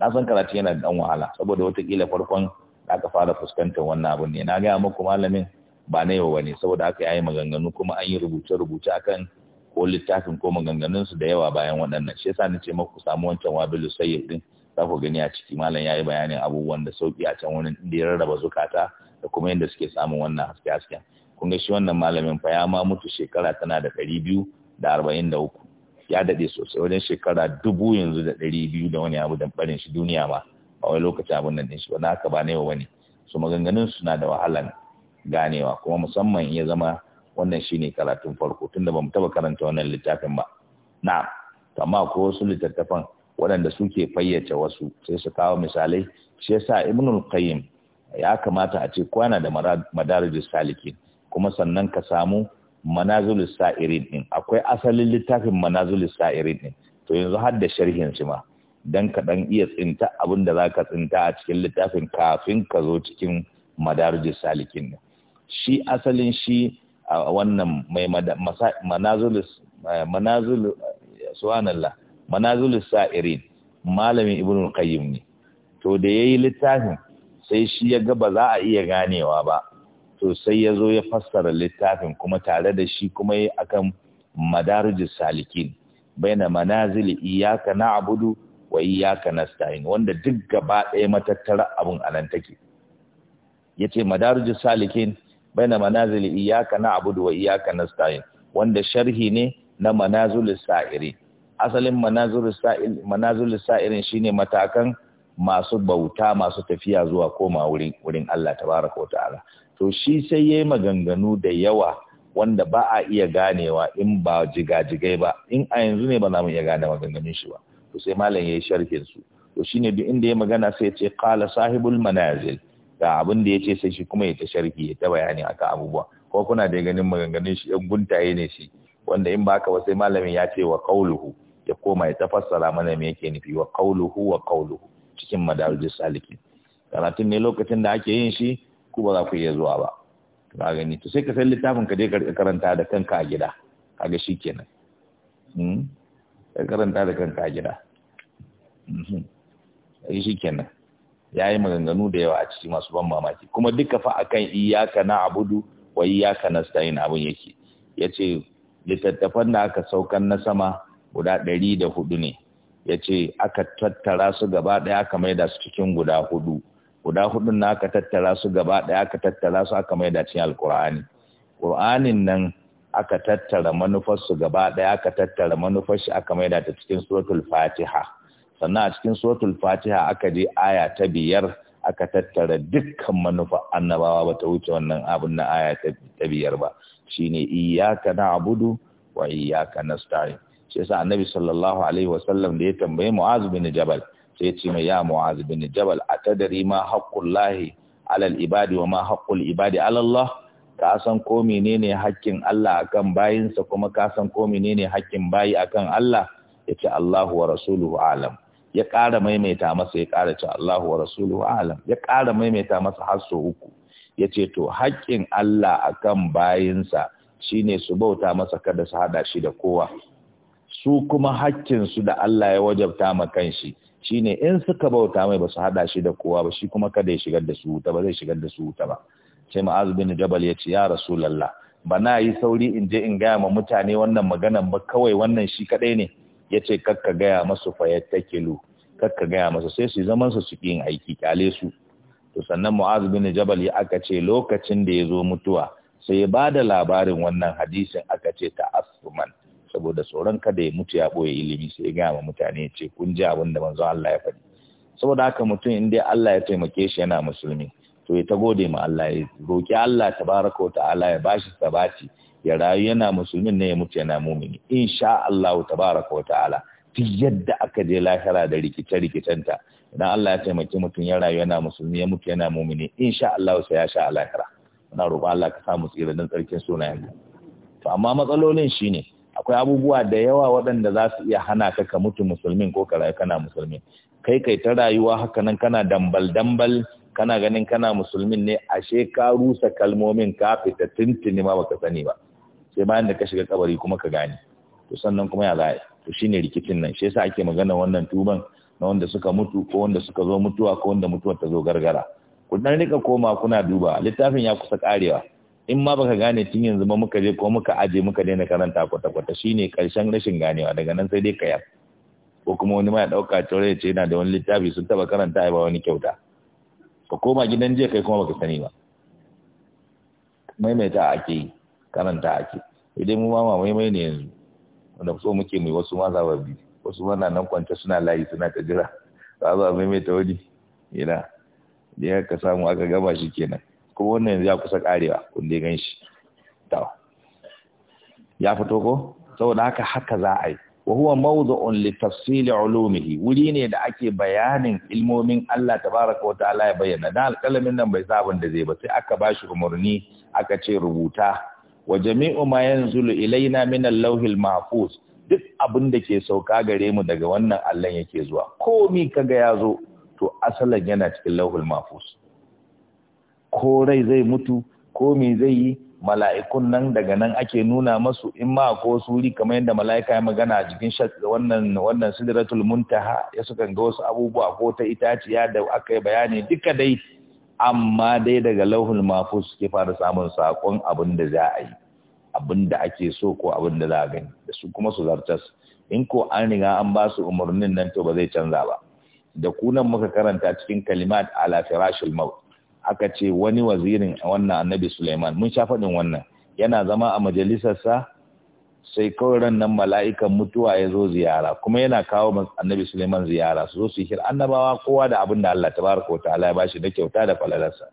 Speaker 1: na san karatu yana da dan wahala saboda wata kila farkon aka fara fuskantar wannan abun ne na gaya muku malamin ba na yau ne. saboda haka yi maganganu kuma an yi rubuce-rubuce akan ko littafin ko maganganun su da yawa bayan waɗannan shi yasa nace muku samu wancan wabilu sayyid din za ku gani a ciki malam yayi bayanin abubuwan da sauki a can wani inda ya rarraba zukata da kuma yadda suke samun wannan haske-hasken kun ga shi wannan malamin fa ya ma mutu shekara tana da ɗari biyu da arba'in da uku ya daɗe sosai wajen shekara dubu yanzu da ɗari biyu da wani abu da barin shi duniya ba. a wani lokacin abin nan din shi ba na haka ba ne wa bane su maganganun suna da wahalan ganewa kuma musamman ya zama wannan shine karatun farko tunda bamu taba karanta wannan littafin ba na'am amma ko wasu littattafan waɗanda suke fayyace wasu sai su kawo misalai shi yasa ibnul qayyim ya kamata a ce kwana da madarijus saliki kuma sannan ka samu manazulus sa'irin din akwai asalin littafin manazulus sa'irin din to yanzu har da sharhin shi ma dan kaɗan iya tsinta abin da za ka tsinta a cikin littafin kafin ka zo cikin madarijus salikin shi asalin shi a wannan mai manazulus sa'irin malamin Ibn qayyim ne to da ya yi littafin sai shi ya ga ba za a iya ganewa ba to sai ya zo ya fassara littafin kuma tare da shi kuma yi akan madarijus salikin baina iyaka na abudu wa iyyaka nasta'in wanda duk gaba ɗaya matattara abun nan take yace madarijus salikin baina manazil iyyaka na'budu wa iyyaka nasta'in wanda sharhi ne na manazilus sa'iri asalin manazilus sa'il manazilus sa'irin shine matakan masu bauta masu tafiya zuwa koma wurin wurin Allah tabaraka wa ta'ala to shi sai yayi maganganu da yawa wanda ba a iya ganewa in ba jigajigai ba in a yanzu ne ba za mu iya gane maganganun shi ba to sai malam yayi sharhin su to shine duk inda ya magana sai ya ce qala sahibul manazil ga abin da ce sai shi kuma ya ta sharhi ya ta bayani akan abubuwa ko kuna da ganin maganganun shi yan guntaye ne shi wanda in ba ka ba sai malamin ya ce wa qauluhu ya koma ya tafassara mana me yake nufi wa qauluhu wa qauluhu cikin madarijus salikin karatun ne lokacin da ake yin shi ku ba za ku iya zuwa ba ka gani to sai ka san littafin ka je ka karanta da kanka a gida kaga shikenan hmm? ka karanta da kanka a gida yi mhm. shi kenan ya yi maganganu da yawa a ciki masu ban mamaki kuma duka fa akan iyaka na abudu wa iyaka na stain abun yake ya ce littattafan da aka saukan na sama guda ɗari da hudu ne ya ce aka tattara su gaba ɗaya aka maida su cikin guda hudu guda hudun na aka tattara su gaba ɗaya aka tattara su aka maida cikin alkur'ani ƙur'anin nan aka tattara manufarsu gaba ɗaya aka tattara manufar shi aka maida ta cikin suratul fatiha sannan a cikin suratul fatiha aka je aya ta biyar aka tattara dukkan manufa annabawa ba ta wuce wannan abin na aya ta biyar ba shine iyyaka na'budu wa iyyaka nasta'in shi yasa annabi sallallahu alaihi wasallam da ya tambaye mu'az bin jabal sai ya ce mai ya mu'az bin jabal atadari ma haqqullahi alal ibadi wa ma haqqul ibadi alallah Allah ka san ko menene hakkin Allah akan bayinsa kuma ka san ko menene hakkin bayi akan Allah yace Allahu wa rasuluhu alam ya ƙara maimaita masa ya ƙara ce Allahu wa rasuluhu alam ya ƙara maimaita masa har so uku yace to hakkin Allah akan bayinsa shine su bauta masa kada su hada shi da kowa su kuma hakkin su da Allah ya wajabta ma kanshi shine in suka bauta mai ba su hada shi da kowa ba shi kuma kada ya shigar da su wuta ba zai shigar da su wuta ba sai ma'azu bin jabal ya ce ya rasulallah ba na yi sauri in je in gaya ma mutane wannan maganan ba kawai wannan shi kadai ne ya ce kakka gaya masu fayattakilu kakka gaya masu sai su zaman su su yin aiki kyale su to sannan mu'az bin jabal ya aka ce lokacin da ya zo mutuwa sai ya bada labarin wannan hadisin aka ce ta asuman saboda tsoron kada ya mutu ya boye ilimi sai ya gaya ma mutane ya ce kun ji abin da manzon Allah ya faɗi saboda haka mutum in dai Allah ya taimake shi yana musulmi to ya ta gode ma Allah ya roki Allah tabaraka ta'ala ya bashi sabati ya rayu yana musulmin ne ya mutu yana mumini insha Allah tabaraka ta'ala duk yadda aka je lahira da rikice rikicenta idan Allah ya taimaki mutum ya rayu yana musulmi ya mutu yana mumini insha Allah sai ya sha lahira muna roƙon Allah ka sa mu tsira dan tsarkin sunayen to amma matsalolin shine akwai abubuwa da yawa waɗanda za su iya hana ka ka mutu musulmin ko ka rayu kana musulmi kai kai ta rayuwa haka nan kana dambal dambal kana ganin kana musulmin ne ashe ka rusa kalmomin ka fita tintini ma baka sani ba sai bayan da ka shiga kabari kuma ka gane to sannan kuma ya zai to shine rikicin nan shi yasa ake magana wannan tuban na wanda suka mutu ko wanda suka zo mutuwa ko wanda mutuwar ta zo gargara ku dan rika koma kuna duba littafin ya kusa karewa in ma baka gane tun yanzu ba muka je ko muka aje muka daina karanta kwata kwata shine karshen rashin ganewa daga nan sai dai ka ko kuma wani ma ya dauka tore ya ce yana da wani littafi sun taba karanta ba wani kyauta ka koma gidan jiya kai kuma baka sani ba maimaita ake yi karanta ake idan mu mama maimai ne yanzu wanda so muke mai wasu ma bi wasu ma na nan kwance suna layi suna ta jira za a maimaita wani ina da ya ka samu aka gama shi kenan kuma wannan yanzu ya kusa karewa kun dai gan shi ya fito ko saboda haka haka za a yi wa huwa mawdu'un li tafsil ulumihi wuri ne da ake bayanin ilmomin Allah tabaraka wa ta'ala ya bayyana da alƙalamin nan bai sabon da zai ba sai aka bashi umarni aka ce rubuta wa jami'u ma yanzulu ilaina min al al mahfuz duk abin da ke sauka gare mu daga wannan Allah yake zuwa Ko komi kaga ya zo to asalin yana cikin lauhul mahfuz ko rai zai mutu ko me zai yi mala'ikun nan daga nan ake nuna masu in ma ko suri kamar yadda mala'ika ya magana a jikin wannan wannan sidratul muntaha ya sukan ga wasu abubuwa ko ta itaciya da aka yi bayani duka dai amma dai daga lauhul mafu suke fara samun sakon abin da za a yi abin da ake so ko abin da za a gani da su kuma su zartas in ko an riga an ba su umarnin nan to ba zai canza ba da kunan muka karanta cikin kalimat ala firashul maut aka ce wani wazirin wannan annabi Sulaiman mun sha faɗin wannan yana zama a majalisarsa sai kawai ran nan mala'ikan mutuwa ya zo ziyara kuma yana kawo annabi Suleiman ziyara su zo su hir annabawa kowa da abin da Allah tabaraka ta'ala ya bashi da kyauta da falalarsa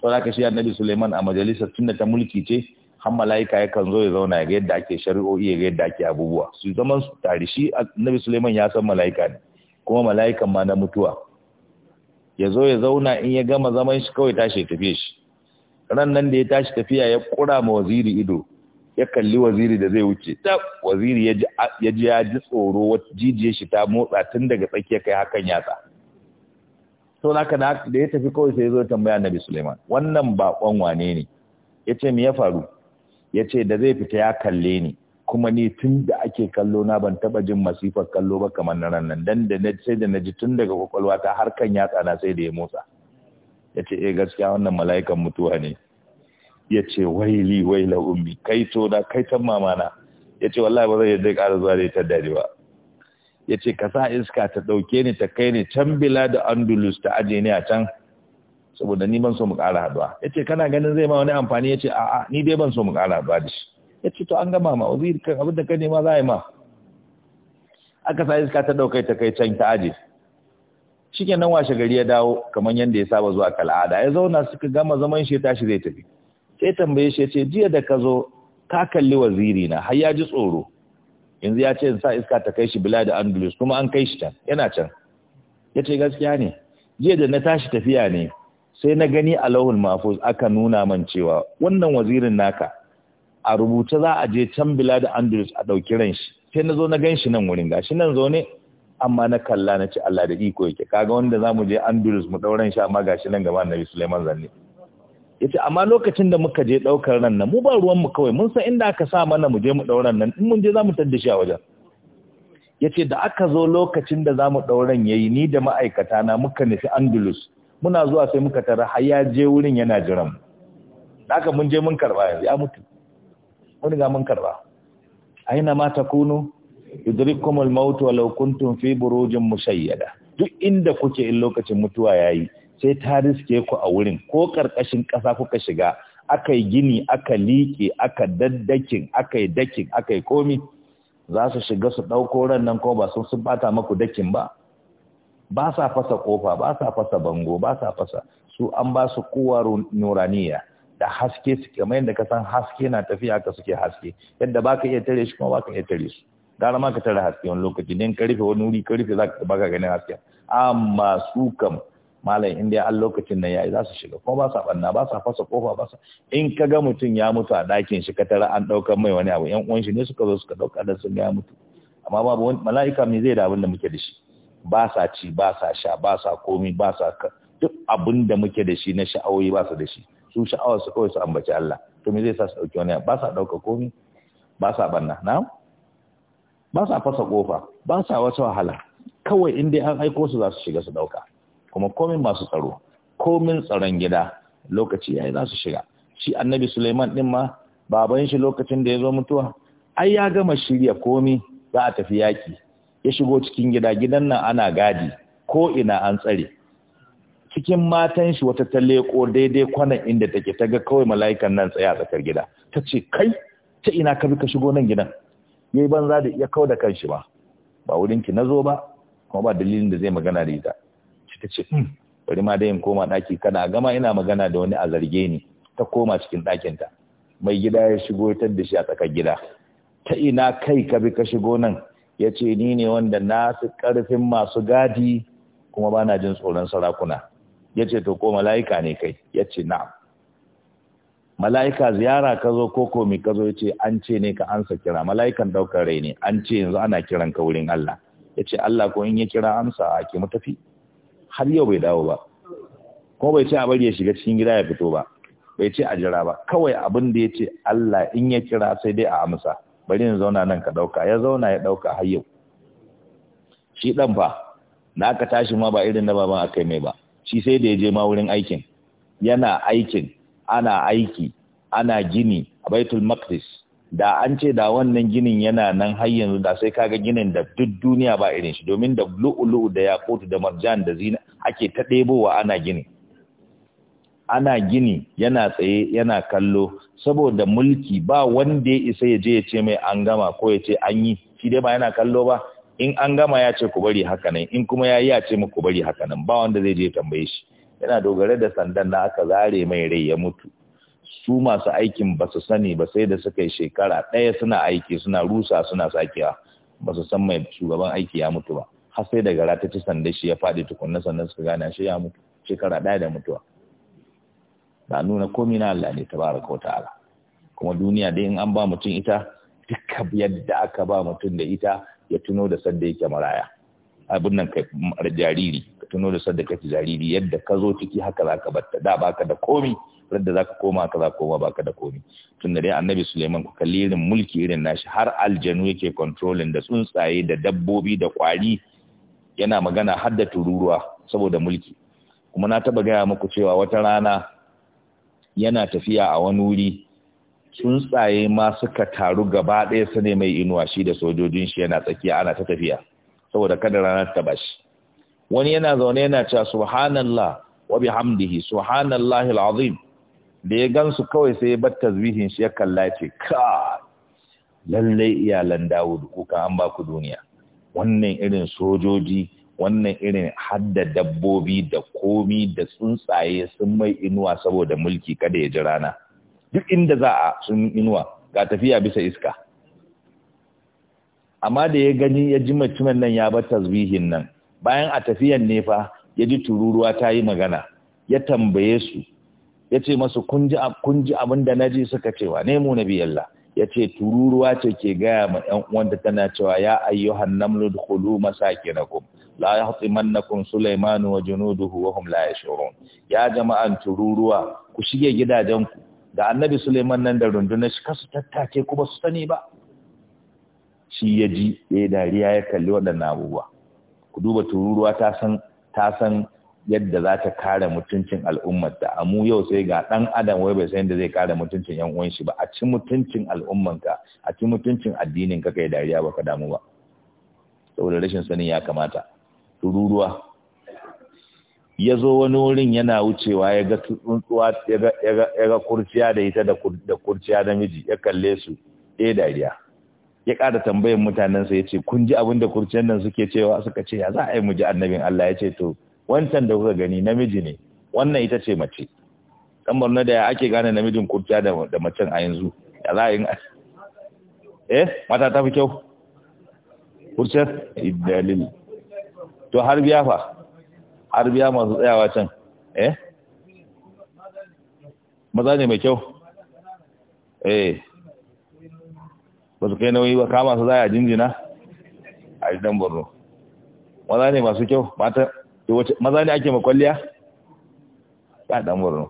Speaker 1: to zaka shi annabi Suleiman a majalisar tunda ta mulki ce har mala'ika ya kan zo ya zauna ga yadda ake shari'o'i ga yadda ake abubuwa su zaman su tare shi annabi Sulaiman ya san mala'ika ne kuma mala'ikan ma na mutuwa ya zo ya zauna in ya gama zaman shi kawai tashi ya tafiye shi ran nan da ya tashi tafiya ya kura ma waziri ido ya kalli waziri da zai wuce ta waziri ya ji ya ji tsoro jijiyar shi ta motsa tun daga tsakiya kai hakan yatsa to naka da ya tafi kawai sai ya zo tambaya annabi Suleiman wannan bakon wane ne Ya ce me ya faru Ya ce da zai fita ya kalle ni kuma ni tun da ake kallo na ban taba jin masifar kallo ba kamar na ranar dan da na sai da ji tun daga kwakwalwa ta har kan yatsa na sai da ya motsa ya ce eh gaskiya wannan mala'ikan mutuwa ne ya ce waili waila ummi kai to na kai tan mama ya ce wallahi ba zai yadda ƙara zuwa da ita dare ba ya ce ka sa iska ta ɗauke ni ta kai ni can bila da andulus ta aje ni a can saboda ni ban so mu ƙara haɗuwa ya ce kana ganin zai ma wani amfani ya ce a'a ni dai ban so mu ƙara haɗuwa da shi ya ce to an gama ma wazir kan abin da ka nema za a yi ma aka sa iska ta ɗaukai ta kai can ta aje shi nan washe gari ya dawo kamar yadda ya saba zuwa kal'ada ya zauna suka gama zaman shi ya tashi zai tafi sai tambaye shi ya ce jiya da ka zo ka kalli waziri na har ya ji tsoro yanzu ya ce sa iska ta kai shi bila da andalus kuma an kai shi can yana can ya ce gaskiya ne jiya da na tashi tafiya ne sai na gani a lauhul mafuz aka nuna man cewa wannan wazirin naka a rubuta za a je can bila da andalus a ɗauki ran shi sai na zo na gan shi nan wurin gashi nan zaune amma na kalla na ci Allah da iko yake kaga wanda za mu je andalus mu ɗauran shi amma gashi nan gaba annabi Sulaiman zanne yace amma lokacin da muka je ɗaukar ran nan mu ba ruwan mu kawai mun san inda aka sa mana mu je mu ɗauran nan in mun je za mu tadda shi a wajen yace da aka zo lokacin da za zamu ɗauran yayi ni da ma'aikata na muka nufi andalus muna zuwa sai muka tara har ya je wurin yana jiran aka mun je mun karɓa yanzu ya mutu wani ga mun karba aina ma takunu yudrikumul maut law kuntum fi burujin musayyada duk inda kuke in lokacin mutuwa yayi sai ta riske ku a wurin ko karkashin kasa kuka shiga aka gini aka liƙe aka daddakin aka dakin aka yi komi za su shiga su ɗauko ran nan ko ba sun sun bata maku dakin ba ba sa fasa kofa ba sa fasa bango ba sa fasa su an ba su kowa nuraniya da haske su kamar da ka san haske na tafiya ka suke haske yadda ba ka iya tare shi kuma ba ka iya tare su gara ma ka tare haske wani lokaci don karfe wani wuri karfe za ka baka ganin haske amma su kam malam in dai an lokacin nan yayi za su shiga kuma ba sa banna ba sa fasa kofa ba sa in ka ga mutum ya mutu a ɗakin shi ka tara an ɗaukar mai wani abu yan uwan shi ne suka zo suka ɗauka da sun ya mutu amma babu wani mala'ika me zai da abin da muke da shi ba sa ci ba sa sha ba sa komi ba sa duk abin da muke da shi na sha'awoyi ba su da shi su sha'awar su kawai su ambaci Allah to me zai sa su dauki wani ba sa dauka komi ba sa banna na ba sa fasa kofa ba sa wata wahala kawai in dai an aiko su za su shiga su dauka kuma komin masu tsaro komin tsaron gida lokaci yayi za su shiga shi annabi Sulaiman din ma baban shi lokacin da ya zo mutuwa ai ya gama shirya komai za a tafi yaki ya shigo cikin gida gidan nan ana gadi ko ina an tsare cikin matan shi wata ta leko daidai kwanan inda take ta ga kawai mala'ikan nan tsaye a tsakar gida ta ce kai ta ina ka bi ka shigo nan gidan yi banza da iya kawai da kanshi ba ba wurin ki zo ba kuma ba dalilin da zai magana da ita shi ta ce hmm, bari ma dai in koma daki kana gama ina magana da wani a zarge ni ta koma cikin ɗakinta mai gida ya shigo ya da shi a tsakar gida ta ina kai ka bi ka shigo nan ya ce ni ne wanda na fi ƙarfin masu gadi kuma ba na jin tsoron sarakuna ya ce to ko mala'ika ne kai ya ce na'am mala'ika ziyara ka zo ko komi ka zo ya ce an ce ne ka ansa kira mala'ikan daukar rai ne an ce yanzu ana kiran ka wurin Allah ya ce Allah ko in ya kira amsa a ke matafi? har yau bai dawo ba kuma bai ce a bari ya shiga cikin gida ya fito ba bai ce a jira ba kawai abin da ya ce Allah in ya kira sai dai a amsa bari in zauna nan ka dauka ya zauna ya ɗauka, har yau shi dan fa na aka tashi ma ba irin na baban akai mai ba shi sai da ya je ma wurin aikin yana aikin ana aiki ana gini a baitul maqdis da an ce da wannan ginin yana nan har yanzu da sai kaga ginin da duk duniya ba irin shi domin da lu'ulu da yakutu da marjan da zina ake ta ɗebowa ana gini ana gini yana tsaye yana kallo saboda mulki ba wanda ya isa ya je ya ce mai an gama ko ya ce an yi shi dai ba yana kallo ba in an gama ya ce ku bari haka nan in kuma ya yi ya ce ku bari haka nan ba wanda zai je tambaye shi yana dogare da sandan da aka zare mai rai ya mutu su masu aikin ba su sani ba sai da suka yi shekara ɗaya suna aiki suna rusa suna sakewa ba su san mai shugaban aiki ya mutu ba har sai daga rata ci sanda shi ya faɗi tukunna sannan suka gane shi ya mutu shekara ɗaya da mutuwa ba nuna komi na Allah ne tabaraka wa ta'ala kuma duniya dai in an ba mutum ita duka yadda aka ba mutum da ita ya tuno da sadda yake maraya abin nan kai jariri ka tuno da sadda kake jariri yadda ka zo ciki haka za ka batta da baka da komi Yadda za ka koma haka za ka koma baka da komi tun da dai annabi suleiman ku kalli irin mulki irin nashi har aljanu yake controlling da tsuntsaye da dabbobi da kwari yana magana har da tururuwa saboda mulki kuma na taba gaya muku cewa wata rana yana tafiya a wani wuri tsuntsaye ma suka taru gaba ɗaya su ne mai inuwa shi da sojojin shi yana tsakiya ana ta tafiya saboda kada ranar ta bashi wani yana zaune yana cewa subhanallah wa bihamdihi subhanallahi alazim da ya gansu kawai sai ya bar tasbihin shi ya kalla ce ka lallai iyalan Dawud ko ka an ba ku duniya wannan irin sojoji wannan irin hadda dabbobi da komi da tsuntsaye sun mai inuwa saboda mulki kada ya ji rana duk inda za a sun inuwa ga tafiya bisa iska amma da ya gani ya ji mutumin nan ya bar tasbihin nan bayan a tafiyan ne fa ya ji tururuwa ta yi magana ya tambaye su ya ce masu kun ji abin da na je suka cewa ne mu nabi Allah ya ce tururuwa ce ke gaya ma ‘yan uwanta tana cewa ya ayyuhan namlu dukulu masakinakum la yahtimannakum sulaimanu wa junuduhu wa hum la yashurun ya jama'an tururuwa ku shige gidajen ku. da annabi Suleiman nan da rundunar shi kasu tattace kuma su sani ba shi ya ji ya dariya ya kalli waɗannan abubuwa ku duba tururuwa ta san ta san yadda za ta kare mutuncin al'ummarta a mu yau sai ga ɗan adam wai bai san yadda zai kare mutuncin yan uwan shi ba a ci mutuncin al'ummanka a ci mutuncin addinin ka kai dariya ba ka damu ba saboda rashin sanin ya kamata tururuwa ya zo wani wurin yana wucewa ya ga tsuntsuwa ya ga kurciya da ita da kurciya namiji ya kalle su ɗaya dariya ya ƙara tambayin mutanensa ya ce kun ji abin da kurciyan nan suke cewa suka ce ya za a yi mu ji annabin Allah ya ce to wancan da kuka gani namiji ne wannan ita ce mace dan barna da ya ake gane namijin kurciya da macen a yanzu ya za a yi eh mata ta fi kyau kurciyar idalil to har biya fa arbiya masu tsayawa can eh maza ne mai kyau eh ba su kai nauyi ba kama su zaya jinjina a jidan borno maza ne masu kyau mata maza ne ake makwalliya ba dan borno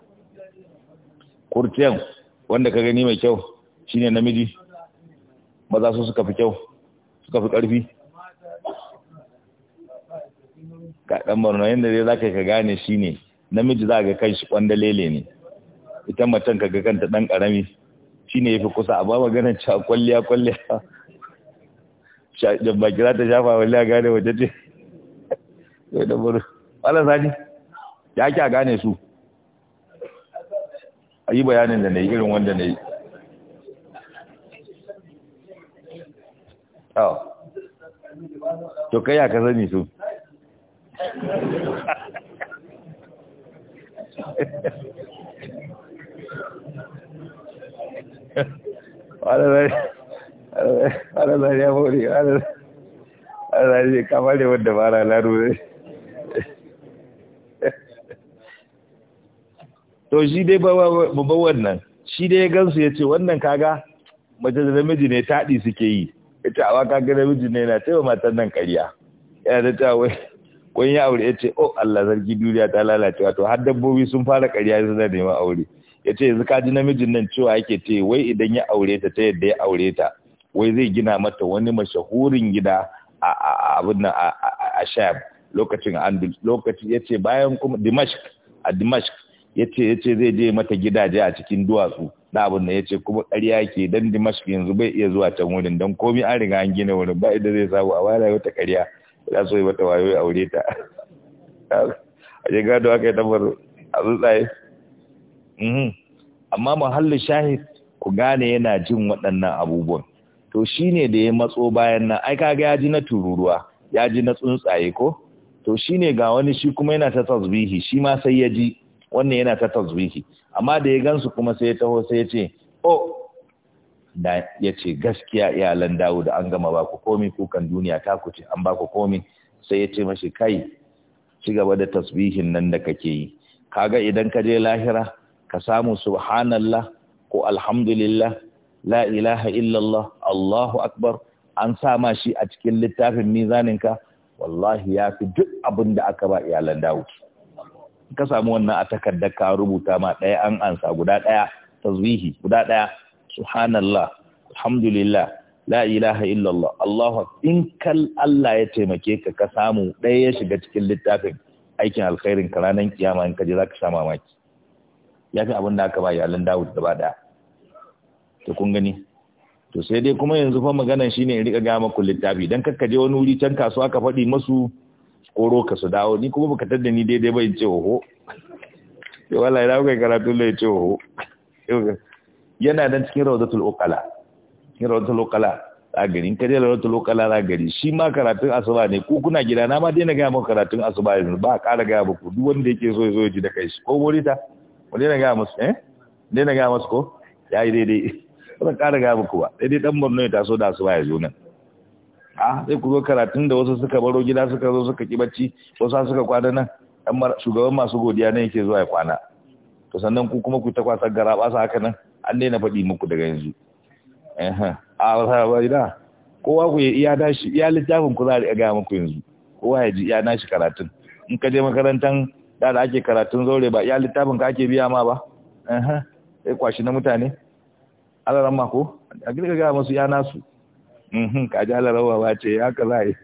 Speaker 1: kurciyan wanda ka gani mai kyau shine namiji maza su suka fi kyau suka fi ƙarfi ga ɗan barno yadda dai zaka ka gane shi ne namiji za ga kan shi kwandalele ne ita macen ka ga kanta ɗan ƙarami shi ne ya fi kusa a ba magana cewa kwalliya kwalliya jan baki za ta shafa a gane waje ce ya yi damar wala sani ya ki a gane su a yi bayanin da na yi irin wanda na yi to kai ya ka sani su ana zari ya mauri ana zari ne kama ne wanda ba na larurai to shi dai babban wannan shi dai ya gansu ya ce wannan kaga mace da namiji ne taɗi suke yi ita awa kaga namiji ne na taiwa matan nan ƙarya yana da cewa wani ya aure ya ce oh Allah zargi duniya ta lalace wato har dabbobi sun fara ƙarya suna neman aure ya ce yanzu ka ji namijin nan cewa yake ce wai idan ya aure ta ta yadda ya aure ta wai zai gina mata wani mashahurin gida a abin nan a sham lokacin andul lokacin ya ce bayan kuma dimashk a dimashk ya ce ya ce zai je mata gidaje a cikin duwatsu da abin da ya ce kuma ƙarya ke dan dimashk yanzu bai iya zuwa can wurin don komi an riga an gina wurin ba idan zai samu a wala wata karya. ya so yi mata wayo ya aure ta a je gado aka yi tabar a tsuntsaye mhm. amma muhallin shahid ku gane yana jin waɗannan abubuwan to shi ne da ya matso bayan nan ai kaga ya ji na tururuwa ya ji na tsuntsaye ko to shi ne ga wani shi kuma yana ta tasbihi shi ma sai ya ji wannan yana ta tasbihi amma da ya gansu kuma sai ya taho sai ya ce oh da ya ce gaskiya iyalan dawo da an gama ba komi kukan duniya ta ku ce an ba ku komi sai ya ce mashi kai ci gaba da tasbihin nan da kake yi kaga idan ka je lahira ka samu subhanallah ko alhamdulillah la ilaha illallah Allahu akbar an sa ma shi a cikin littafin mizaninka wallahi ya fi duk abin da aka ba iyalan dawo. ka samu wannan a takardar ka rubuta ma ɗaya an ansa guda ɗaya tasbihi guda ɗaya subhanallah alhamdulillah la ilaha illallah Allahu in kal Allah ya taimake ka ka samu ɗaya ya shiga cikin littafin aikin alkhairin ka ranar kiyama in ka je zaka sha mamaki ya fi abin da aka ba iyalan Dawud gaba ɗaya to kun gani to sai dai kuma yanzu fa magana shine in rika ga maku littafi dan kakka je wani wuri can kasuwa ka faɗi masu koro ka su dawo ni kuma baka tadda ni daidai ba in ce oho sai wallahi na kai karatu lai ce oho yana nan cikin rawdatul uqala cikin rawdatul uqala a gari in ka je rawdatul uqala a gari shi ma karatun asuba ne ku kuna gida na ma daina gaya muku karatun asuba yanzu ba ƙara gaya muku duk wanda yake so ya zo ya ji da kai shi ko morita mu daina gaya musu eh daina gaya musu ko ya yi daidai ba ƙara gaya muku ba daidai dan Borno ya taso da asuba ya zo nan a ah, sai ku zo karatun da wasu suka baro gida suka zo suka ki bacci wasu suka kwana nan shugaban masu godiya ne yake zuwa ya kwana to sannan ku kuma ku ta kwasa garaba su haka nan an daina faɗi muku daga yanzu a ina kowa ku ya dashi ya littafin ku za a gaya muku yanzu kowa ya ji ya nashi karatun in ka je makarantan da da ake karatun zaure ba ya littafin ka ake biya ma ba ya kwashi na mutane alaran mako a gina gaya masu ya nasu ka ji alaran ba ce ya ka za a yi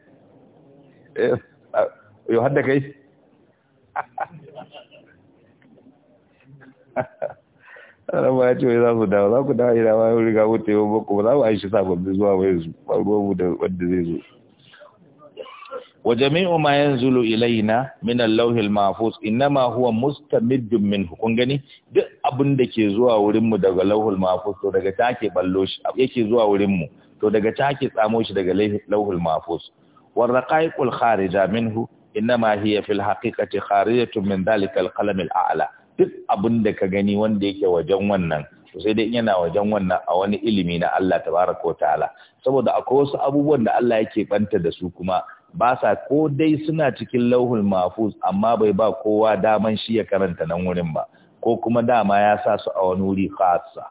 Speaker 1: eh, yau hadda kai rama ya ce wai za su dawo za ku dawo idan wani riga wuce yau bako ba za mu aishi sababbi zuwa wai su mu da wanda zai zo wa jami'u ma yanzulu ilaina min al-lawhil mahfuz ma huwa mustamiddun min hukun gani duk abin da ke zuwa wurin mu daga lawhul mahfuz to daga ke ballo shi yake zuwa wurin mu to daga ke tsamo shi daga lawhul mahfuz war raqaiqul kharija minhu inma hiya fil haqiqati kharijatun min dhalika al-qalam al-a'la duk abin da ka gani wanda yake wajen wannan to sai dai yana wajen wannan a wani ilimi na Allah tabaraka wa ta'ala saboda akwai wasu abubuwan da Allah yake banta da su kuma ba sa ko dai suna cikin lauhul mahfuz amma bai ba kowa daman shi ya karanta nan wurin ba ko kuma dama ya sa su a wani wuri khassa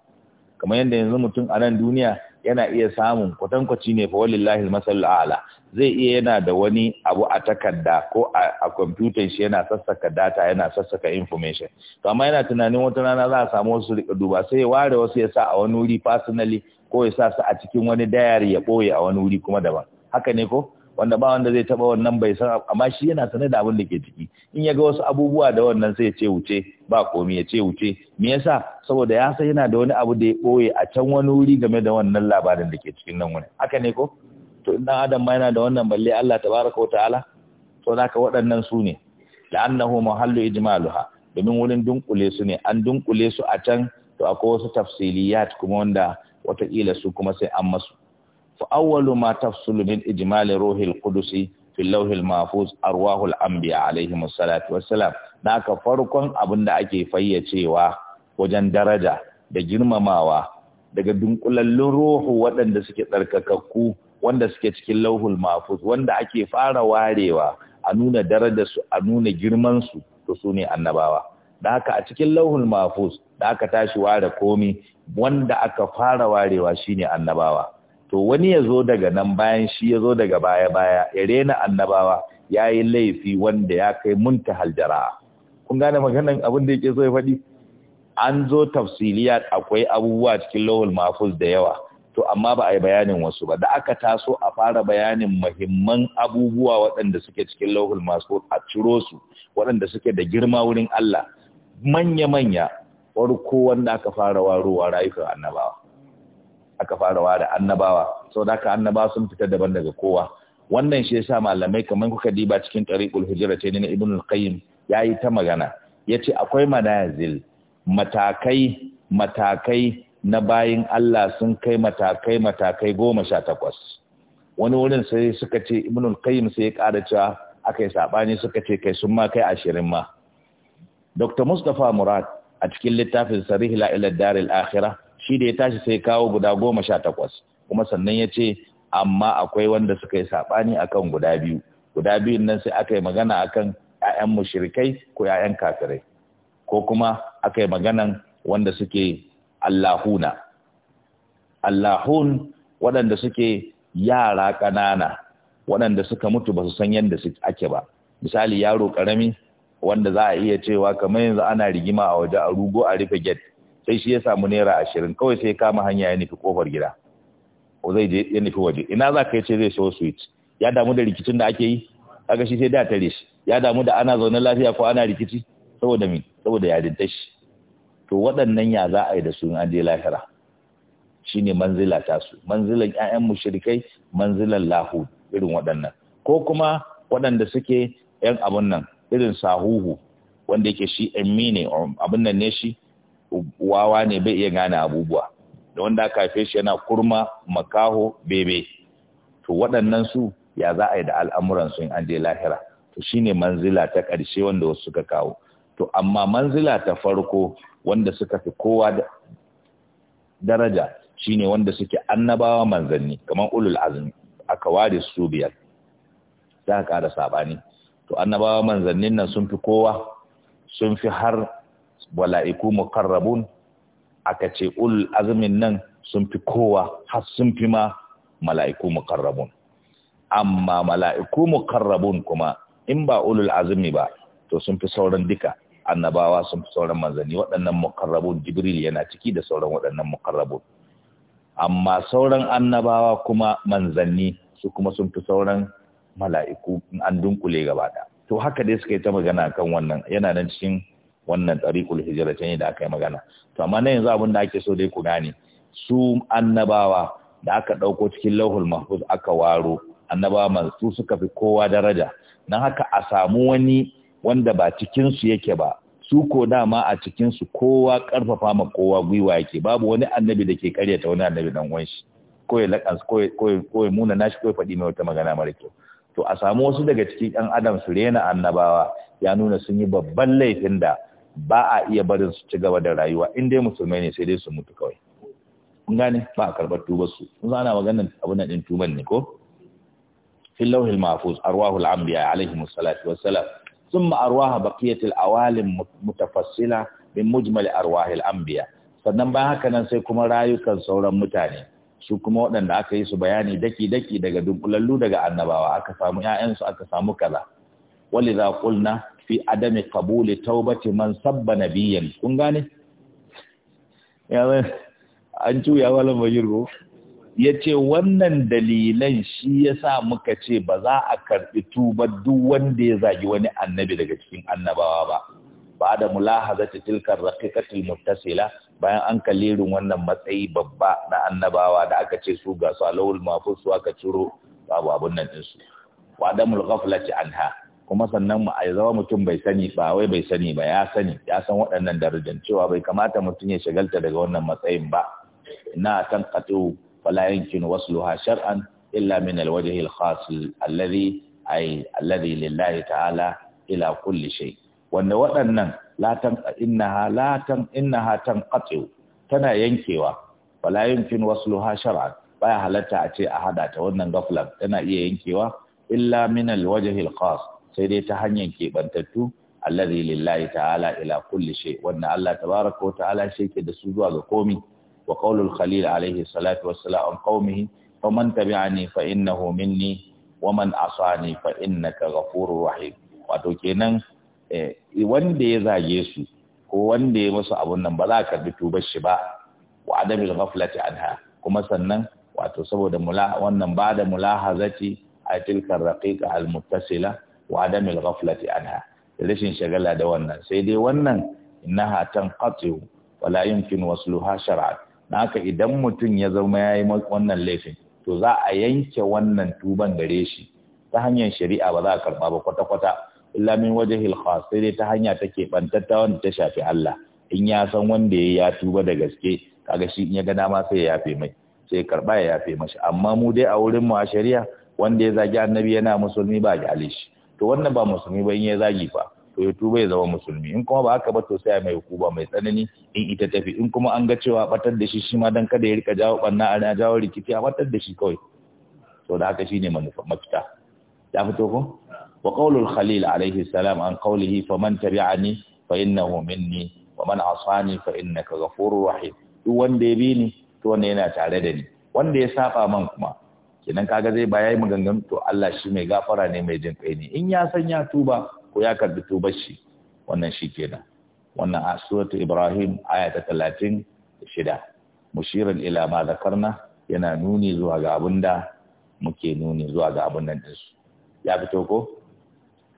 Speaker 1: kamar yadda yanzu mutum a nan duniya yana iya samun kwatankwaci ne fa wallahi masallu ala zai iya yana da wani abu a takarda ko a kwamfutan shi yana sassaka data yana sassaka information to amma yana tunanin wata rana za a samu wasu rika duba sai ya ware wasu ya sa a wani wuri personally ko ya sa su a cikin wani diary ya boye a wani wuri kuma daban haka ne ko wanda ba wanda zai taba wannan bai san amma shi yana sanar da abin da ke ciki in ya ga wasu abubuwa da wannan sai ya ce wuce ba komi ya ce wuce me yasa saboda ya san yana da wani abu da ya boye a can wani wuri game da wannan labarin da ke cikin nan wani haka ne ko to dan adam ma yana da wannan balle Allah tabaraka wa ta'ala to zaka waɗannan su ne la'annahu mahallu ijmaluha domin wurin dunkule su ne an dunkule su a can to akwai wasu tafsiliyat kuma wanda wataƙila su kuma sai an masu fa awwalu ma tafsulu min ijmali ruhil qudusi fil lawhil mahfuz arwahul anbiya alayhi salatu wassalam naka farkon abin da ake fayyacewa wajen daraja da girmamawa daga dunkulallun ruhu waɗanda suke tsarkakakku wanda suke cikin lauhul mafuz wanda ake fara warewa a nuna darajar su a nuna girman su to su ne annabawa da haka a cikin lauhul mafuz da aka tashi ware komi wanda aka fara warewa shine annabawa to wani ya zo daga nan bayan shi ya zo daga baya baya ya rena annabawa ya yi laifi wanda ya kai munta haljara kun gane maganan abin da yake so ya faɗi an zo tafsiliyat akwai abubuwa cikin lauhul mafuz da yawa to amma ba a yi bayanin wasu ba da aka taso a fara bayanin mahimman abubuwa waɗanda suke cikin lauhul masu a ciro su waɗanda suke da girma wurin Allah manya-manya farko wanda aka fara warowa rayukan annabawa aka fara ware annabawa sau da aka annabawa sun fita daban daga kowa wannan shi yasa malamai kamar kuka diba cikin tariqul hijra ce ne na ibn al-qayyim yayi ta magana Ya ce akwai manazil matakai matakai na bayin Allah sun kai matakai matakai goma sha takwas wani wurin sai suka ce ibnul qayyim sai ya ƙara cewa aka yi saɓani suka ce kai sun ma kai ashirin ma dr mustapha murad a cikin littafin Sarihi La'ilar daril akhira shi da ya tashi sai kawo guda goma sha takwas kuma sannan ya ce amma akwai wanda suka yi saɓani a kan guda biyu guda biyun nan sai aka yi magana a kan ‘ya'yan mushrikai ko ‘ya'yan kafirai ko kuma aka yi maganan wanda suke allahuna allahun waɗanda suke yara ƙanana waɗanda suka mutu ba su san yadda ake ba misali yaro ƙarami wanda za a iya cewa kamar yanzu ana rigima a waje a rugo a rufe gate sai shi ya samu naira ashirin kawai sai kama hanya ya nufi kofar gida ko zai je ya nufi waje ina za ka ce zai so switch ya damu da rikicin da ake yi kaga shi sai da tare shi ya damu da ana zaune lafiya ko ana rikici saboda mi, saboda yarintar shi to waɗannan ya za a yi da su an je lahira shi ne manzila ta su manzilan ƴaƴan mushrikai manzilan lahu irin waɗannan ko kuma waɗanda suke ƴan abun nan irin sahuhu wanda yake shi ɗan ne abin nan ne shi wawa ne bai iya gane abubuwa da wanda aka haife shi yana kurma makaho bebe to waɗannan su ya za a yi da al'amuran su in an je lahira to shine manzila ta ƙarshe wanda wasu suka kawo to amma manzila ta farko wanda suka fi kowa daraja shine wanda suke annabawa manzanni kamar ulul azmi aka ware su biyar ka ƙara sabani to annabawa manzannin nan sun fi kowa sun fi har wala'iku muqarrabun aka ce ulul azmin nan sun fi kowa har sun fi ma mala'iku muqarrabun amma mala'iku muqarrabun kuma in ba ulul azmi ba to sun fi sauran duka annabawa sun fi sauran manzanni waɗannan mukarrabun jibril yana ciki da sauran waɗannan mukarrabun amma sauran annabawa kuma manzanni su kuma sun fi sauran mala'iku an dunkule gaba da to haka dai suka yi ta magana kan wannan yana nan cikin wannan tariqul hijra ne da aka yi magana to amma nan yanzu abin da ake so dai ku gane su annabawa da aka ɗauko cikin lauhul mahfuz aka waro annabawa su suka fi kowa daraja dan haka a samu wani wanda ba cikinsu yake ba su ko dama a cikinsu kowa ƙarfafa ma kowa gwiwa yake babu wani annabi da ke karyata wani annabi dan uwan shi ko ya ko ya muna nashi ko ya faɗi mai wata magana mara kyau to a samu wasu daga cikin 'yan adam su rena annabawa ya nuna sun yi babban laifin da ba a iya barin su ci gaba da rayuwa in dai musulmai ne sai dai su mutu kawai kun gane ba a karɓar tubar su kun zana maganar abin nan ɗin tuban ne ko fil lauhil mahfuz arwahul anbiya alaihi salatu wassalam ثم أرواح بقية الأوالم متفصلة من مجمل أرواح الأنبياء sannan bayan haka nan sai kuma rayukan sauran mutane su kuma waɗanda aka yi su bayani daki-daki daga dunkulallu daga annabawa aka samu ‘ya'yansu aka samu kaza wali za ƙulna fi adami kabuli taubati man sabba nabiyan kun gane? an cuya wala mai ya ce wannan dalilan shi ya sa muka ce ba za a karɓi tuba duk wanda ya zagi wani annabi daga cikin annabawa ba ba da mulahaza ta tilkar raqiqatul muttasila bayan an kalirin wannan matsayi babba na annabawa da aka ce su ga su alawul mafus su aka ciro babu abun nan din su wa adamul ghaflati anha kuma sannan mu a zama mutum bai sani ba wai bai sani ba ya sani ya san waɗannan darajar cewa bai kamata mutum ya shagalta daga wannan matsayin ba ina kan qatu فلا يمكن وصلها شرعا إلا من الوجه الخاص الذي أي الذي لله تعالى إلى كل شيء وأن وأن لا تن إنها لا تن إنها تنقطع تنا ينكوا ولا يمكن وصلها شرعا baya halatta a ce a hada ta wannan gaflan tana iya yankewa illa min alwajhil khas sai dai ta hanyar kebantattu allazi lillahi ta'ala ila kulli shay Allah tabaraka wa ta'ala shi ke da su zuwa ga komi wa qaulul khalil alaihi salatu wassalam an qaumihi faman tabi'ani fa innahu minni wa man asani wato kenan eh, wanda ya zage su ko wanda ya masu abun nan ba za ka bi tubar shi ba wa adamil ghaflati anha kuma sannan wato saboda wannan bada da mulahazati a tilkar raqiqa al-muttasila wa adamil ghaflati anha rashin shagala da wannan sai dai wannan innaha tanqatu wa la yumkin wasluha shar'an na haka idan mutum ya zama ya yi wannan laifin to za a yanke wannan tuban gare shi ta hanyar shari'a ba za a karba ba kwata-kwata illa waje wajhil sai dai ta hanya take bantatta wanda ta shafi Allah in ya san wanda ya yi ya tuba da gaske kaga shi in ya gana ma sai ya yafe mai sai karɓa ya yafe mashi amma mu dai a wurin mu a shari'a wanda ya zagi annabi yana musulmi ba gyale shi to wannan ba musulmi ba in ya zagi fa ko ya tuba ya zama musulmi in kuma ba haka ba to sai mai hukuba mai tsanani in ita tafi in kuma an ga cewa batar da shi shi ma dan kada ya rika jawo banna a jawo rikici a batar da shi kawai to da haka shine manufa mafita ya fito ko wa qaulul khalil alaihi salam an qawlihi faman tabi'ani fa innahu minni wa man asani fa innaka ghafurur rahim duk wanda ya bi ni to wanda yana tare da ni wanda ya saba man kuma kenan kaga zai ba maganganu to Allah shi mai gafara ne mai jin kai ne in ya san ya tuba ko ya karbi tubar shi wannan shi kenan wannan a suratu ibrahim aya ta talatin da shida Mushirin ila ma zakarna yana nuni zuwa ga abin da muke nuni zuwa ga abin nan ɗinsu ya fito ko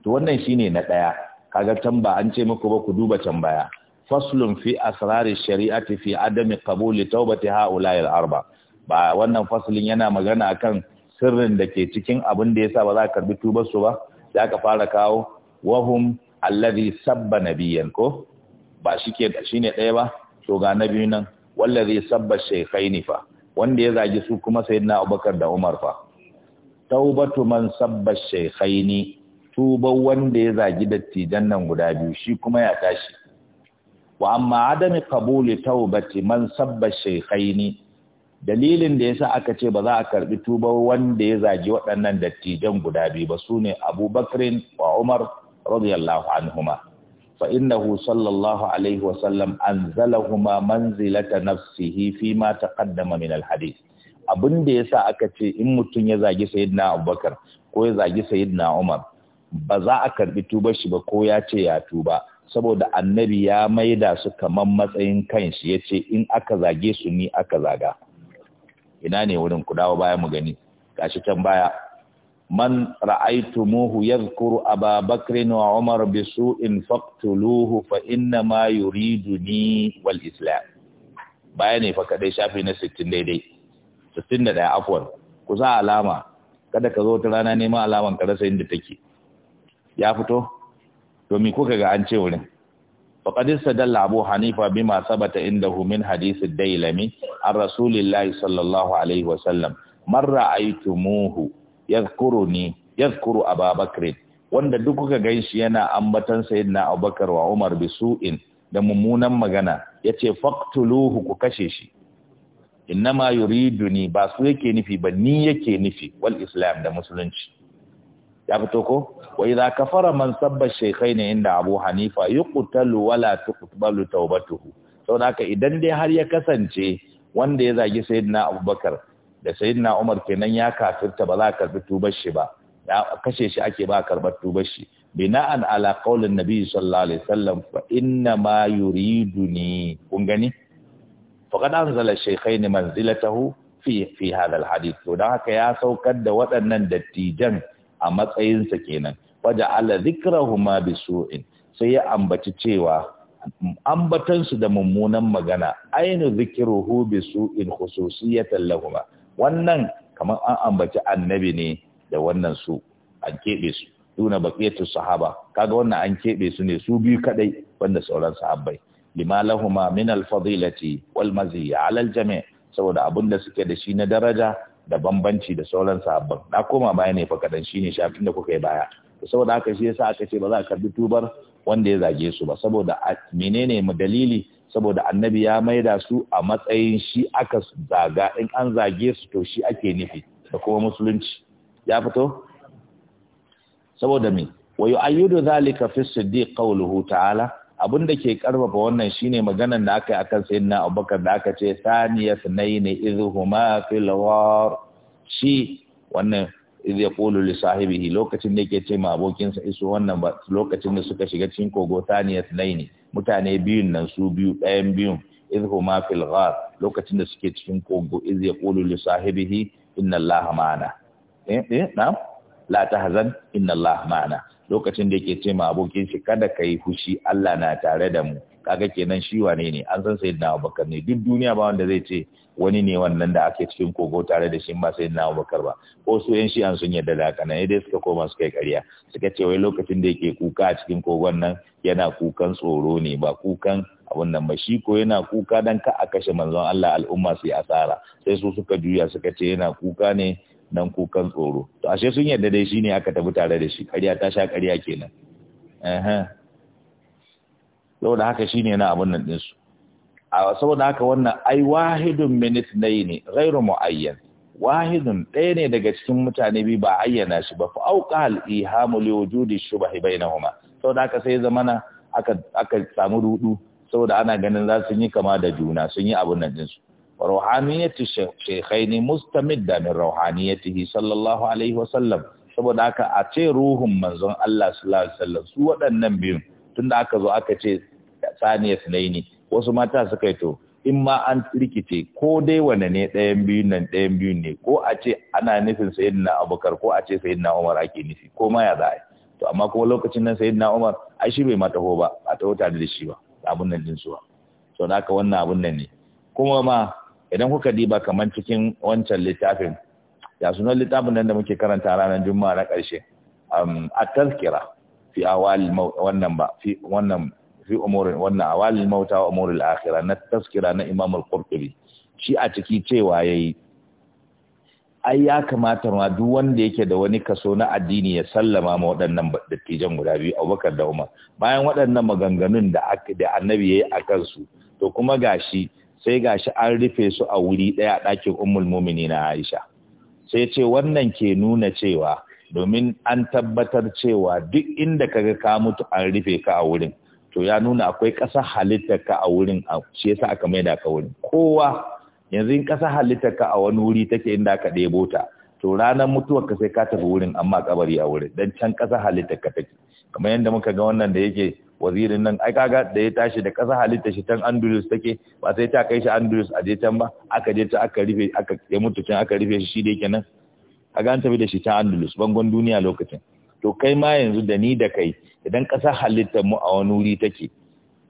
Speaker 1: to wannan shi ne na ɗaya kaga can ba an ce muku ba ku duba can baya faslun fi asrari shari'ati fi adami qabuli taubati haula'i al-arba ba wannan faslin yana magana akan sirrin da ke cikin abin da yasa ba za ka karbi tubar su ba ya ka fara kawo wahum allazi sabba nabiyan ko ba shike shine ɗaya ba to ga nabi nan wallazi sabba shaykhaini fa wanda ya zagi su kuma sayyidina Abubakar da Umar fa taubatu man sabba shaykhaini tuba wanda ya zagi dattijan nan guda biyu shi kuma ya tashi wa amma adami qabuli taubati man sabba shaykhaini dalilin da yasa aka ce ba za a karbi tuba wanda ya zagi waɗannan dattijan guda biyu ba sune Abubakar wa Umar رضي الله fa innahu sallallahu alaihi عليه وسلم manzilata منزلة نفسه ma تقدم من الحديث abin da yasa aka ce in mutum ya zagi sayyidina Abubakar ko ya zagi sayyidina Umar ba za a karbi tubar shi ba ko ya ce ya tuba saboda annabi ya maida su kamar matsayin kanshi ya ce in aka zage su ni aka zaga ina ne wurin ku dawo baya mu gani gashi can baya man ra'aytumuhu yadhkuru Aba Bakr wa Umar bi su'in faqtuluhu fa inna ma yuriduni wal islam bayani fa kadai shafi na 60 daidai 61 afwan ku sa alama kada ka zo ta rana neman alaman ka rasa inda take ya fito to me kuka ga an ce wurin فقد استدل أبو حنيفة بما ثبت عنده من حديث الديلمي عن رسول الله صلى الله عليه وسلم من رأيتموه ni yadhkuru ababakri wanda duk kuka ganshi yana ambatan sayyidina abubakar wa umar bisu'in da mummunan magana yace faqtuluhu ku kashe shi innama yuriduni ba su yake nufi ba ni yake nufi wal islam da musulunci ya fito ko wa idza kafara man sabba shaykhain inda abu hanifa yuqtalu wala tuqbalu tawbatuhu saboda haka idan dai har ya kasance wanda ya zagi sayyidina abubakar da sayyidina Umar kenan ya kafirta ba za ka karbi tubar shi ba kashe shi ake ba karbar tubar shi bina'an ala qaulin nabi sallallahu alaihi wasallam fa inna ma yuriduni kun gani faqad anzala shaykhayn manzilatahu fi fi hadha alhadith to dan haka ya saukar da waɗannan dattijan a matsayin sa kenan waja ala dhikrahuma bisu'in sai ya ambaci cewa ambatan su da mummunan magana ainu dhikruhu bisu'in khususiyatan lahuma wannan kamar an ambaci annabi ne da wannan su an keɓe su duna baqiyatu sahaba kaga wannan an keɓe su ne su biyu kaɗai. wanda sauran sahabbai lima lahuma min alfadilati wal maziya ala saboda abun da suke da shi na daraja da bambanci da sauran sahabban na koma baya ne fa kadan shine shafin da kuka yi baya to saboda haka shi yasa aka ce ba za a karbi tubar wanda ya zage su ba saboda menene mu dalili saboda annabi ya maida su a matsayin shi aka zaga in an zage su to shi ake nufi da kuma musulunci ya fito saboda me wa yu'ayyidu zalika fi siddiq qawluhu ta'ala abinda ke karfafa wannan shine maganar da aka yi akan sayyidina Abubakar da aka ce saniyat nayni idhuma fil war shi wannan idh yaqulu li sahibihi lokacin da yake ce ma sa iso wannan ba lokacin da suka shiga cikin kogo taniyat laini mutane biyun nan su biyu ɗayan biyun idh huma fil ghar lokacin da suke cikin kogo idh yaqulu li sahibihi inna allaha ma'ana eh eh na'am la tahzan inna allaha ma'ana lokacin da yake ce ma abokin shi kada kai fushi Allah na tare da mu kaga kenan shi wane ne an san sayyidina Abubakar ne duk duniya ba wanda zai ce wani ne wannan da ake cikin kogo tare da shi ba sai na Abubakar ba ko su yan an sun yarda da haka nan dai suka koma suka yi ƙarya suka ce wai lokacin da yake kuka a cikin kogon nan yana kukan tsoro ne ba kukan abun nan ba shi ko yana kuka dan ka a kashe manzon Allah al'umma su yi asara sai su suka juya suka ce yana kuka ne dan kukan tsoro to ashe sun yarda dai shi aka tafi tare da shi ƙarya ta sha ƙarya kenan saboda haka shine na abun nan ɗinsu saboda haka wannan ai wahidun minit nayi ne ghairu muayyan wahidun ɗaya ne daga cikin mutane biyu ba ayyana shi ba fa auqa al ihamu li wujudi shubhi bainahuma saboda haka sai zamana aka aka samu rudu saboda ana ganin za su yi kama da juna sun yi abun nan din su ruhaniyatu shaykhaini mustamidda min ruhaniyatihi sallallahu alaihi wa sallam saboda haka a ce ruhun manzon Allah sallallahu alaihi sallam su waɗannan biyun tunda aka zo aka ce saniya ne wasu mata suka yi to in ma an rikice ko dai wane ne ɗayan biyun nan ɗayan biyun ne ko a ce ana nufin na abubakar ko a ce na umar ake nufi ko ma ya za a yi to amma kuma lokacin nan na umar ai shi bai mataho ba a ta wuta da shi ba abun nan din suwa ba to naka wannan abun nan ne kuma ma idan kuka diba kamar cikin wancan littafin ya sunan littafin nan da muke karanta ranar juma'a na ƙarshe a tazkira fi awal wannan ba fi wannan fi umurin wannan awalil mauta wa umuril akhirah na tafsira na Imam al-Qurtubi shi a ciki cewa yayi ai ya kamata ma duk wanda yake da wani kaso na addini ya sallama ma waɗannan dattijan guda biyu Abubakar da Umar bayan waɗannan maganganun da da Annabi yayi a kansu to kuma gashi sai gashi an rufe su a wuri ɗaya ɗakin Ummul na Aisha sai ce wannan ke nuna cewa domin an tabbatar cewa duk inda kaga ka mutu an rufe ka a wurin to ya nuna akwai ƙasa halittar ka a wurin shi yasa aka da ka wurin kowa yanzu in ƙasa halittar ka a wani wuri take inda aka ɗebo ta to ranar mutuwar ka sai ka tafi wurin amma kabari a wurin dan can ƙasa halittar ka take kamar yadda muka ga wannan da yake wazirin nan ai kaga da ya tashi da ƙasa halittar shi tan andulus take ba sai ta kai shi andulus a je can ba aka je ta aka rufe aka ya mutu can aka rufe shi shi da yake nan kaga an tafi da shi ta andulus bangon duniya lokacin to kai ma yanzu da ni da kai idan ƙasar halittar mu a wani wuri take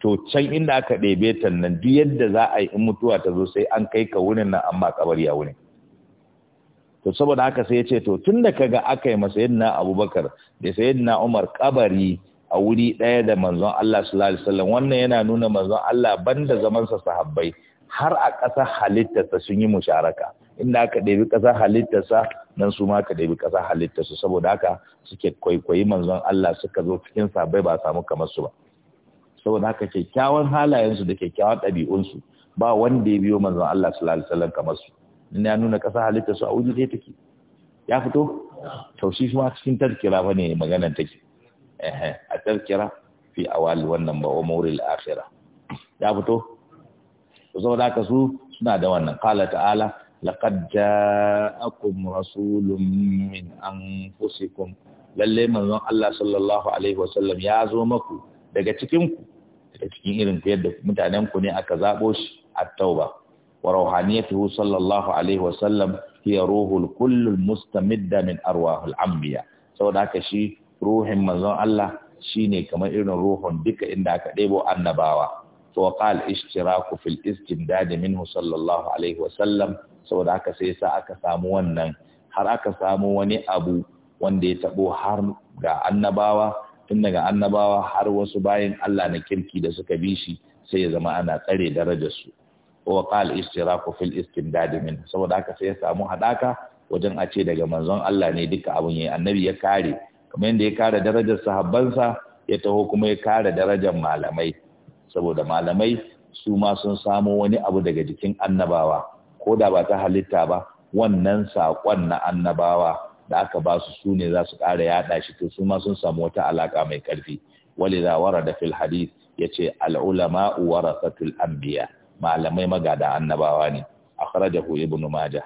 Speaker 1: to can inda aka ɗebe ta nan duk yadda za a yi in mutuwa ta zo sai an kai ka wurin nan amma kabari a wurin to saboda haka sai ya ce to tun da kaga aka yi masa yadda abubakar da yadda umar kabari a wuri ɗaya da manzon Allah sallallahu alaihi wasallam wannan yana nuna manzon Allah banda zaman sa sahabbai har a ƙasar halittarsa sun yi musharaka inda aka ɗabi ƙasa halittarsa nan su ma aka ɗabi ƙasa halittarsu saboda haka suke kwaikwayi manzon Allah suka zo cikin sabai ba samu kamar su ba saboda haka kyakkyawan halayensu da kyakkyawan ɗabi'unsu ba wanda ya biyo manzon Allah sallallahu alaihi wasallam kamar su ina nuna ƙasa halittarsu a wuri dai take ya fito tausi ma cikin tarkira ba ne maganar take a tarkira fi awal wannan ba wa mawril akhirah ya fito saboda haka su suna da wannan qala ta'ala laqad ja'akum rasulun min anfusikum lalle manzon Allah sallallahu alaihi sallam ya zo maku daga cikin ku daga cikin irin ku yadda mutanen ku ne aka zabo shi at-tauba wa ruhaniyatuhu sallallahu alaihi wasallam hiya ruhul kull mustamidda min arwahil anbiya saboda haka shi ruhin manzon Allah shine kamar irin ruhun duka inda aka debo annabawa وقال اشتراك في الاستمداد منه صلى الله عليه وسلم saboda haka sai sa aka samu wannan har aka samu wani abu wanda ya tabo har ga annabawa tun daga annabawa har wasu bayan Allah na kirki da suka bi shi sai ya zama ana tsare darajar su wa qal istiraku fil istimdad min saboda haka sai ya samu hadaka wajen a ce daga manzon Allah ne duka abun yayi annabi ya kare kamar yadda ya kare darajar sahabbansa ya taho kuma ya kare darajar malamai saboda malamai su ma sun samo wani abu daga jikin annabawa ko da ba ta halitta ba wannan saƙon na annabawa da aka ba su su ne za su ƙara yaɗa shi to su ma sun samu wata alaƙa mai ƙarfi walidha warada fil hadith yace al ulama warasatul anbiya malamai magada annabawa ne akhrajahu ibnu maja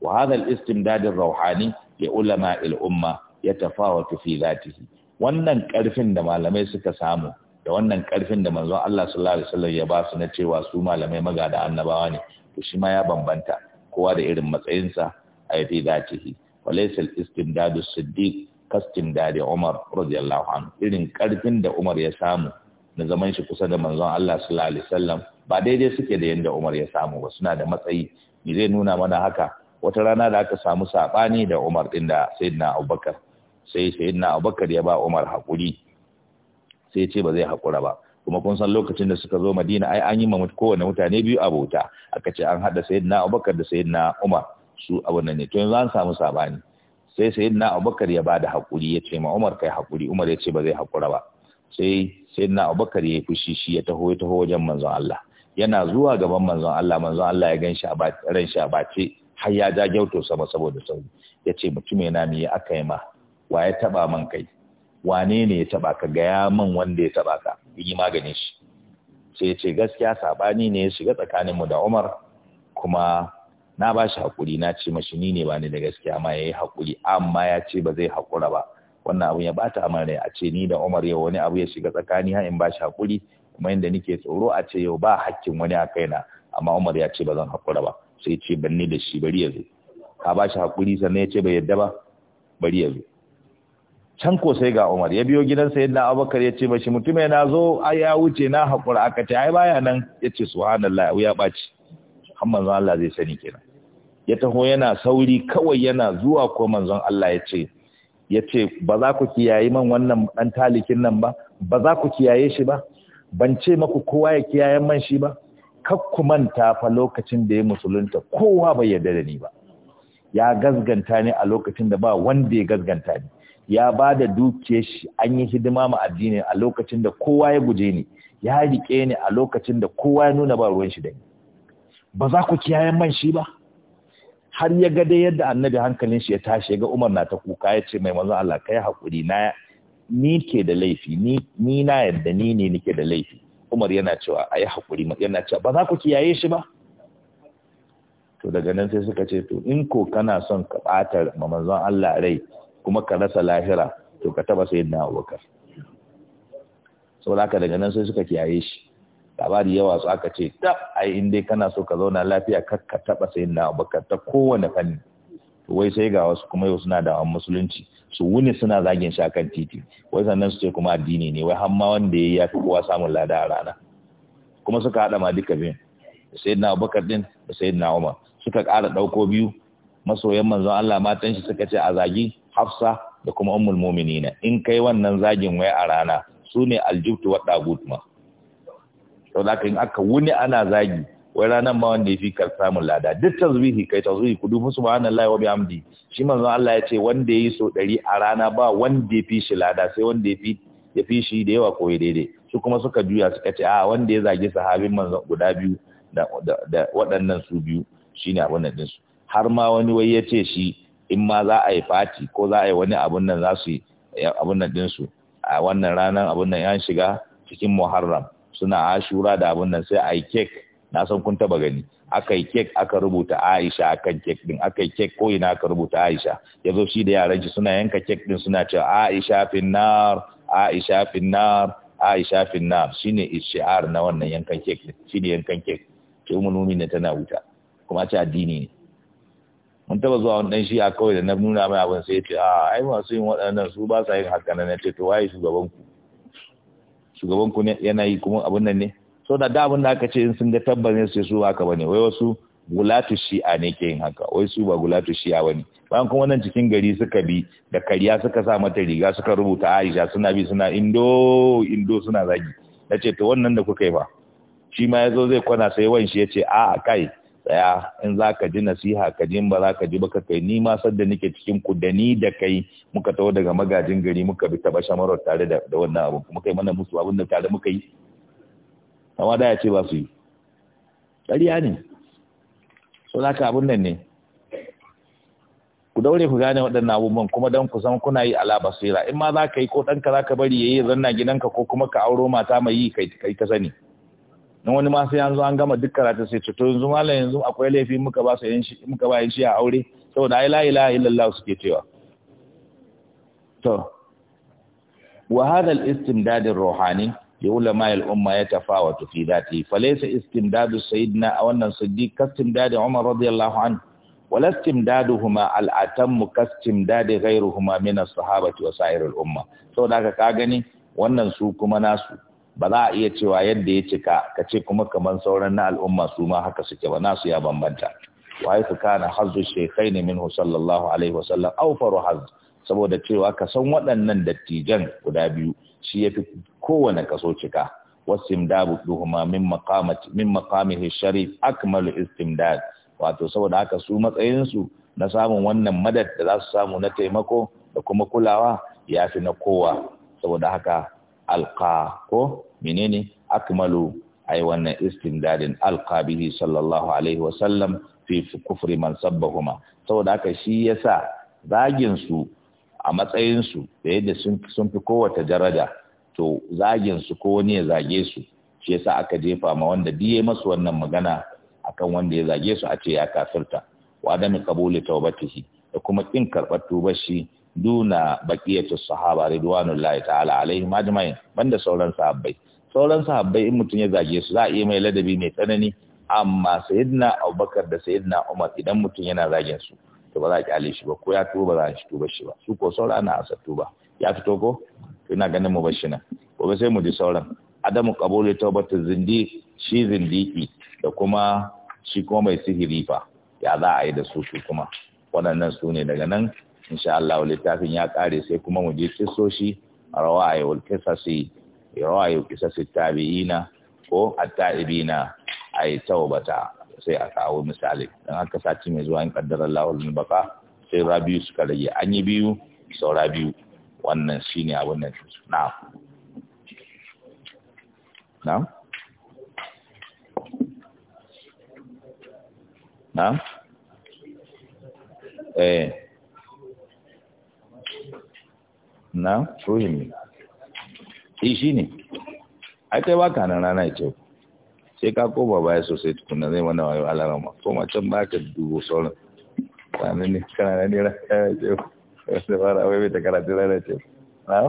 Speaker 1: wa hadha al istimdad ruhani li ulama al umma yatafawatu fi dhatihi wannan ƙarfin da malamai suka samu da wannan karfin da manzon Allah sallallahu alaihi wasallam ya ba su na cewa su malamai magada annabawa ne to shi ma ya bambanta kowa da irin matsayinsa a yafi dacehi walaysa al-istimdadu siddiq kastimdadi Umar radiyallahu anhu irin karfin da Umar ya samu na zaman shi kusa da manzon Allah sallallahu alaihi wasallam ba daidai suke da yanda Umar ya samu ba suna da matsayi me zai nuna mana haka wata rana da aka samu sabani da Umar din da Sayyidina Abubakar sai Sayyidina Abubakar ya ba Umar hakuri sai ce ba zai haƙura ba kuma kun san lokacin da suka zo madina ai an yi ma kowane mutane biyu a bauta aka ce an haɗa na abubakar da na umar su abu nan ne to yanzu an samu sabani sai na abubakar ya bada haƙuri ya ce ma umar kai haƙuri umar ya ce ba zai haƙura ba sai na abubakar ya yi fushi shi ya taho ya taho wajen manzon Allah yana zuwa gaban manzon Allah manzon Allah ya ganshi a ran shi a bace har ya ja gyauto sama saboda sauri ya ce mutum yana mi aka yi ma wa ya taba man kai wane ne ya taba ka gaya man wanda ya taba ka yi maganin shi sai ce gaskiya sabani ne ya shiga tsakaninmu da Umar kuma na ba shi hakuri na ce mashi ni ne ba ni da gaskiya ma yayi hakuri amma ya ce ba zai hakura ba wannan abun ya bata amana a ce ni da Umar yau wani abu ya shiga tsakani hain in ba shi hakuri kuma inda nike tsoro a ce yau ba hakkin wani a kaina amma Umar ya ce ba zan hakura ba sai ce ban ni da shi bari ya zo ka ba shi hakuri sannan ya ce bai yadda ba bari ya zo can ko sai ga Umar ya biyo gidan yadda Abubakar ya ce mashi mutume yana zo ai ya wuce na hakura aka ai baya nan yace subhanallah ya baci har manzon Allah zai sani kenan ya taho yana sauri kawai yana zuwa ko manzon Allah ya ce ya ce ba za ku kiyaye man wannan dan talikin nan ba ba za ku kiyaye shi ba ban ce maku kowa ya kiyaye man shi ba kar ku manta fa lokacin da ya musulunta kowa bai yarda da ni ba ya gazganta ni a lokacin da ba wanda ya gazganta ni ya ba da duke shi an yi hidima ma addini a lokacin da kowa ya guje ni ya rike ni a lokacin da kowa ya nuna ba ruwan shi da ni ba za ku kiyaye man shi ba har ya ga dai yadda annabi hankalin shi ya tashi ga Umar na ta kuka ya ce mai manzo Allah kai hakuri na ni ke da laifi ni ni na yadda ni ne nike da laifi Umar yana cewa ayi hakuri yana cewa ba za ku kiyaye shi ba to daga nan sai suka ce to in ko kana son ka bata manzon Allah rai kuma ka rasa lahira to ka taba sai na abubakar saboda daga nan sai suka kiyaye shi labari yawa su aka ce ta, ai in dai kana so ka zauna lafiya kar ka taba sai na abubakar ta kowane fanni to wai sai ga wasu kuma yau suna da musulunci su wuni suna zagin shi akan titi wai sannan su ce kuma addini ne wai hamma wanda ya fi kowa samun lada a rana kuma suka haɗa ma duka biyun da na Abubakar din da na Umar suka ƙara ɗauko biyu masoyan manzon Allah matan shi suka ce a zagi hafsa da kuma ummul mu'minina in kai wannan zagin wai a rana su ne aljubtu wa dagut ma to da in aka wuni ana zagi wai ranan ma wanda yafi kar samun lada duk tasbihi kai tasbihi kudu subhanallahi wa bihamdi shi manzon Allah ya ce wanda yayi so ɗari a rana ba wanda yafi shi lada sai wanda yafi yafi shi da yawa koyi daidai su kuma suka juya suka ce a wanda ya zagi sahabin manzon guda biyu da waɗannan su biyu shine abin nan din su har ma wani wai ya ce shi in ma za a yi fati ko za a yi wani abun nan za su yi abun nan ɗinsu a wannan ranar abun nan yan shiga cikin muharram suna ashura da abun nan sai a yi kek na san kun taba gani aka yi kek aka rubuta aisha kan kek din aka yi kek ko ina aka rubuta aisha ya zo shi da yaran shi suna yanka kek din suna cewa aisha finnar aisha finnar aisha finnar shine ishiar na wannan yankan kek din shine yankan kek ce umulumi ne tana wuta kuma ce addini ne mun taba zuwa wani shi a kawai da na nuna mai abin sai ce a ai masu yin waɗannan su ba sa yin haka na ce to waye shugaban ku shugaban ku ne yana yi kuma abin nan ne so da da abin da aka ce in sun ga tabbas ne sai su haka bane wai wasu gulatu shi'a ne ke yin haka wai su ba gulatu shi'a bane bayan kuma nan cikin gari suka bi da kariya suka sa mata riga suka rubuta Aisha suna bi suna indo indo suna zagi nace to wannan da kuka yi ba shi ma yazo zai kwana sai wanshi shi yace a kai tsaya in za ka ji nasiha ka ji ba za ka ji ba ka kai ni ma sadda nake cikin ku da ni da kai muka taho daga magajin gari muka bi taba shamarar tare da wannan abu kuma kai mana musu abin da tare muka yi amma da ya ce ba su yi ƙarya ne so za ka abin nan ne ku daure ku gane waɗannan abubuwan kuma don ku san kuna yi ala basira in ma za ka yi ko ɗanka za ka bari ya yi zanna gidanka ko kuma ka auro mata mai yi kai ka sani don wani ma sai yanzu an gama duk karatu sai ce to yanzu mallam yanzu akwai laifi muka ba su yanci muka ba yanci a aure saboda ai la ilaha illallah suke cewa to wa hada al-istimdad ar-ruhani ya ulama al-umma tafawatu fi fa laysa istimdad sayyidina aw anna siddiq kastimdad umar radiyallahu anhu la istimdaduhuma al-atammu kastimdad ghayruhuma min as-sahabati wa sa'ir al-umma saboda ka gani wannan su kuma nasu ba za a iya cewa yadda ya cika ka ce kuma kamar sauran na al'umma su ma haka suke ba nasu ya bambanta wa haifu kana hazu shekai ne minhu sallallahu alaihi wasallam faru hazu saboda cewa ka san waɗannan dattijan guda biyu shi ya fi kowane kaso cika -Wasu duhuma min maqamati min sharif akmalu istimdad wato saboda haka su matsayinsu na samun wannan madad da za su samu na taimako da kuma kulawa ya fi na kowa saboda haka alka ko menene akmalu ai wannan istindadin alqabihi sallallahu alaihi wa sallam fi kufri man sabbahuma saboda haka shi yasa zagin su a matsayin su da yadda sun fi kowace daraja to zagin su ko wani ya zage su shi yasa aka jefa ma wanda diye masu wannan magana akan wanda ya zage su a ce ya kafirta wa adami kabuli tawbatihi da kuma kin karbar tubar shi duna baqiyatus sahaba ridwanullahi ta'ala alaihim ajma'in banda sauran sahabbai sauran sahabbai in mutum ya zage su za a iya mai ladabi mai tsanani amma sayyidina abubakar da sayyidina umar idan mutum yana zagen su to ba za a kyale shi ba ko ya tuba ba za a shi tuba shi ba su ko sauran ana asa tuba ya fito ko ina ganin mu bashi nan gobe sai mu ji sauran adamu kabulu taubatu zindi shi zindiki da kuma shi kuma mai sihiri fa ya za a yi da su su kuma waɗannan su ne daga nan insha Allah littafin ya kare sai kuma mu je kisoshi rawa ayyul kisasi yawa yau tabi'ina ko atta'ibina a yi taubata sai aka kawo misali Dan haka sati mai zuwa in kaddarar lahul baka sai rabiu suka rage an yi biyu saura biyu wannan shine abin da na na na eh na shi eh, shi ne a kai baka nan rana ya ce sai ka koma baya sosai tukun da zai mana wayo alarama koma can baka dubo sauran sanin ne kana nan ne ya ce wanda fara wai mai takaratu rana ya ce na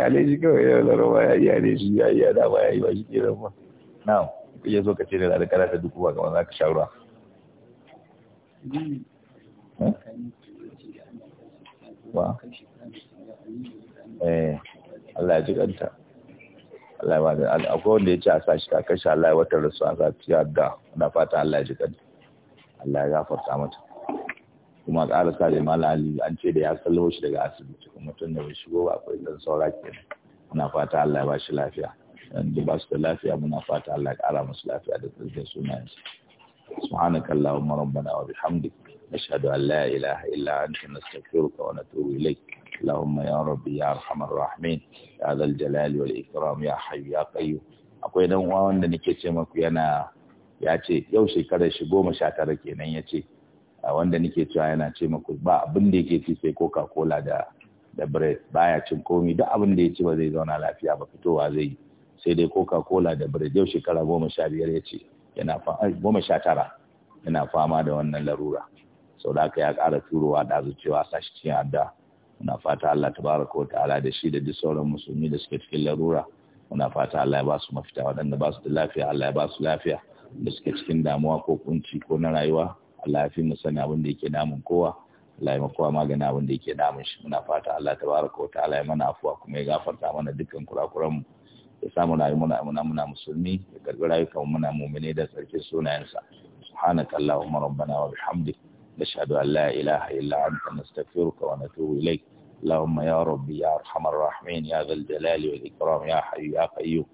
Speaker 1: ya ne shi kawai ya larama ya iya ne shi ya yi iya dama ya yi ba shi ke ba na kuke zo ka ce ne da kana ta duk ba kamar za ka sha ruwa ba Eh, Allah ya ji Allah ya ba da akwai wanda ya ce a sashi kakar shi Allah ya wata rasu a zafiya da na fata Allah ya ji kanta Allah ya gafarta mata kuma ƙara sa da mala ali an ce da ya sallo shi daga asibiti kuma tun da bai shigo ba akwai dan saura kenan muna fata Allah ya ba shi lafiya dan ba su da lafiya muna fata Allah ya ƙara musu lafiya da tsirkin sunayensa subhanakallahumma rabbana wa bihamdika نشهد أن لا إله إلا أنت نستغفرك ونتوب إليك اللهم يا ربي يا أرحم الراحمين يا ذا الجلال والإكرام يا حي يا قيوم akwai dan uwa wanda nake ce maku yana ya ce yau shekarar shi goma sha tara kenan ya ce wanda nake cewa yana ce maku ba abin da yake ci sai coca cola da da bread baya cin komi duk abin da ya ci ba zai zauna lafiya ba fitowa zai yi sai dai coca cola da bread yau shekara goma sha biyar ya ce yana goma sha tara yana fama da wannan larura sau da aka ya ƙara turowa da cewa sashi cikin adda muna fata Allah baraka wa ta'ala da shi da duk sauran musulmi da suke cikin larura muna fata Allah ya ba su mafita waɗanda ba su da lafiya Allah ya ba su lafiya da suke cikin damuwa ko kunci ko na rayuwa Allah ya fi mu sani abin da yake damun kowa Allah ya makowa magana abin da yake damun shi muna fata Allah baraka wa ta'ala ya mana afuwa kuma ya gafarta mana dukkan kurakuran mu ya samu rayu muna muna muna musulmi ya karbi rayukan muna mu'mine da tsarkin sunayensa subhanakallahumma rabbana wa bihamdika نشهد أن لا إله إلا أنت نستغفرك ونتوب إليك اللهم يا ربي يا أرحم الراحمين يا ذا الجلال والإكرام يا حي يا قيوم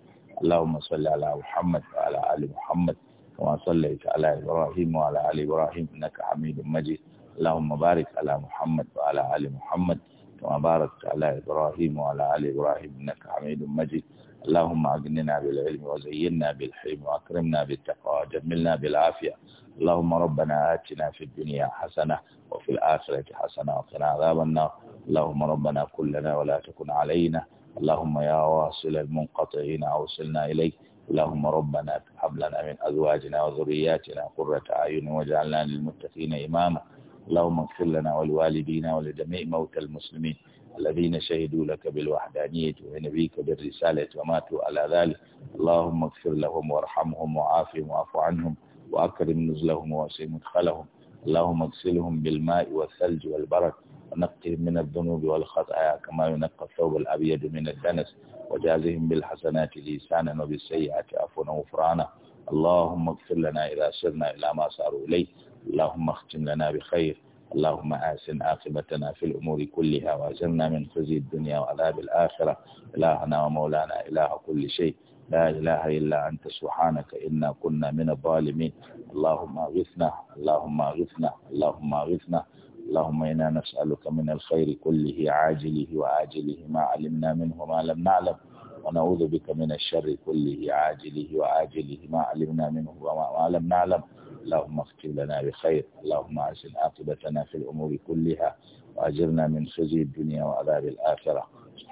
Speaker 1: اللهم صل على محمد وعلى آل محمد كما صليت على إبراهيم وعلى آل إبراهيم إنك حميد مجيد اللهم بارك على محمد وعلى آل محمد كما باركت على إبراهيم وعلى آل إبراهيم إنك حميد مجيد اللهم أغننا بالعلم وزينا بالحلم وأكرمنا بالتقوى وجملنا بالعافية اللهم ربنا آتنا في الدنيا حسنة وفي الآخرة حسنة وقنا عذاب النار اللهم ربنا كلنا ولا تكن علينا اللهم يا واصل المنقطعين أوصلنا إليك اللهم ربنا هب لنا من أزواجنا وذرياتنا قرة أعين واجعلنا للمتقين إماما اللهم اغفر لنا ولوالدينا ولجميع موتى المسلمين الذين شهدوا لك بالوحدانية ونبيك بالرسالة وماتوا على ذلك اللهم اغفر لهم وارحمهم وعافهم واعف عنهم وأكرم نزلهم ووسع مدخلهم اللهم اغسلهم بالماء والثلج والبرد ونقهم من الذنوب والخطايا كما ينقى الثوب الأبيض من الدنس وجازهم بالحسنات لسانا وبالسيئات عفوا وغفرانا اللهم اغفر لنا إذا سرنا إلى ما صاروا إليه اللهم اختم لنا بخير اللهم آسن عاقبتنا في الأمور كلها وأجرنا من خزي الدنيا وعذاب الآخرة إلهنا ومولانا إله كل شيء لا إله إلا أنت سبحانك إنا كنا من الظالمين اللهم اغثنا اللهم اغثنا اللهم اغثنا اللهم إنا نسألك من الخير كله عاجله وآجله ما علمنا منه وما لم نعلم ونعوذ بك من الشر كله عاجله وآجله ما علمنا منه وما لم نعلم اللهم اختم لنا بخير اللهم أحسن عاقبتنا في الأمور كلها وأجرنا من خزي الدنيا وعذاب الآخرة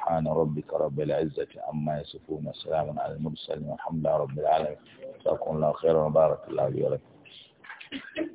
Speaker 1: سبحان ربك رب العزة عما يصفون السلام على المرسلين والحمد لله رب العالمين جزاكم الله خيرا وبارك الله لي ولكم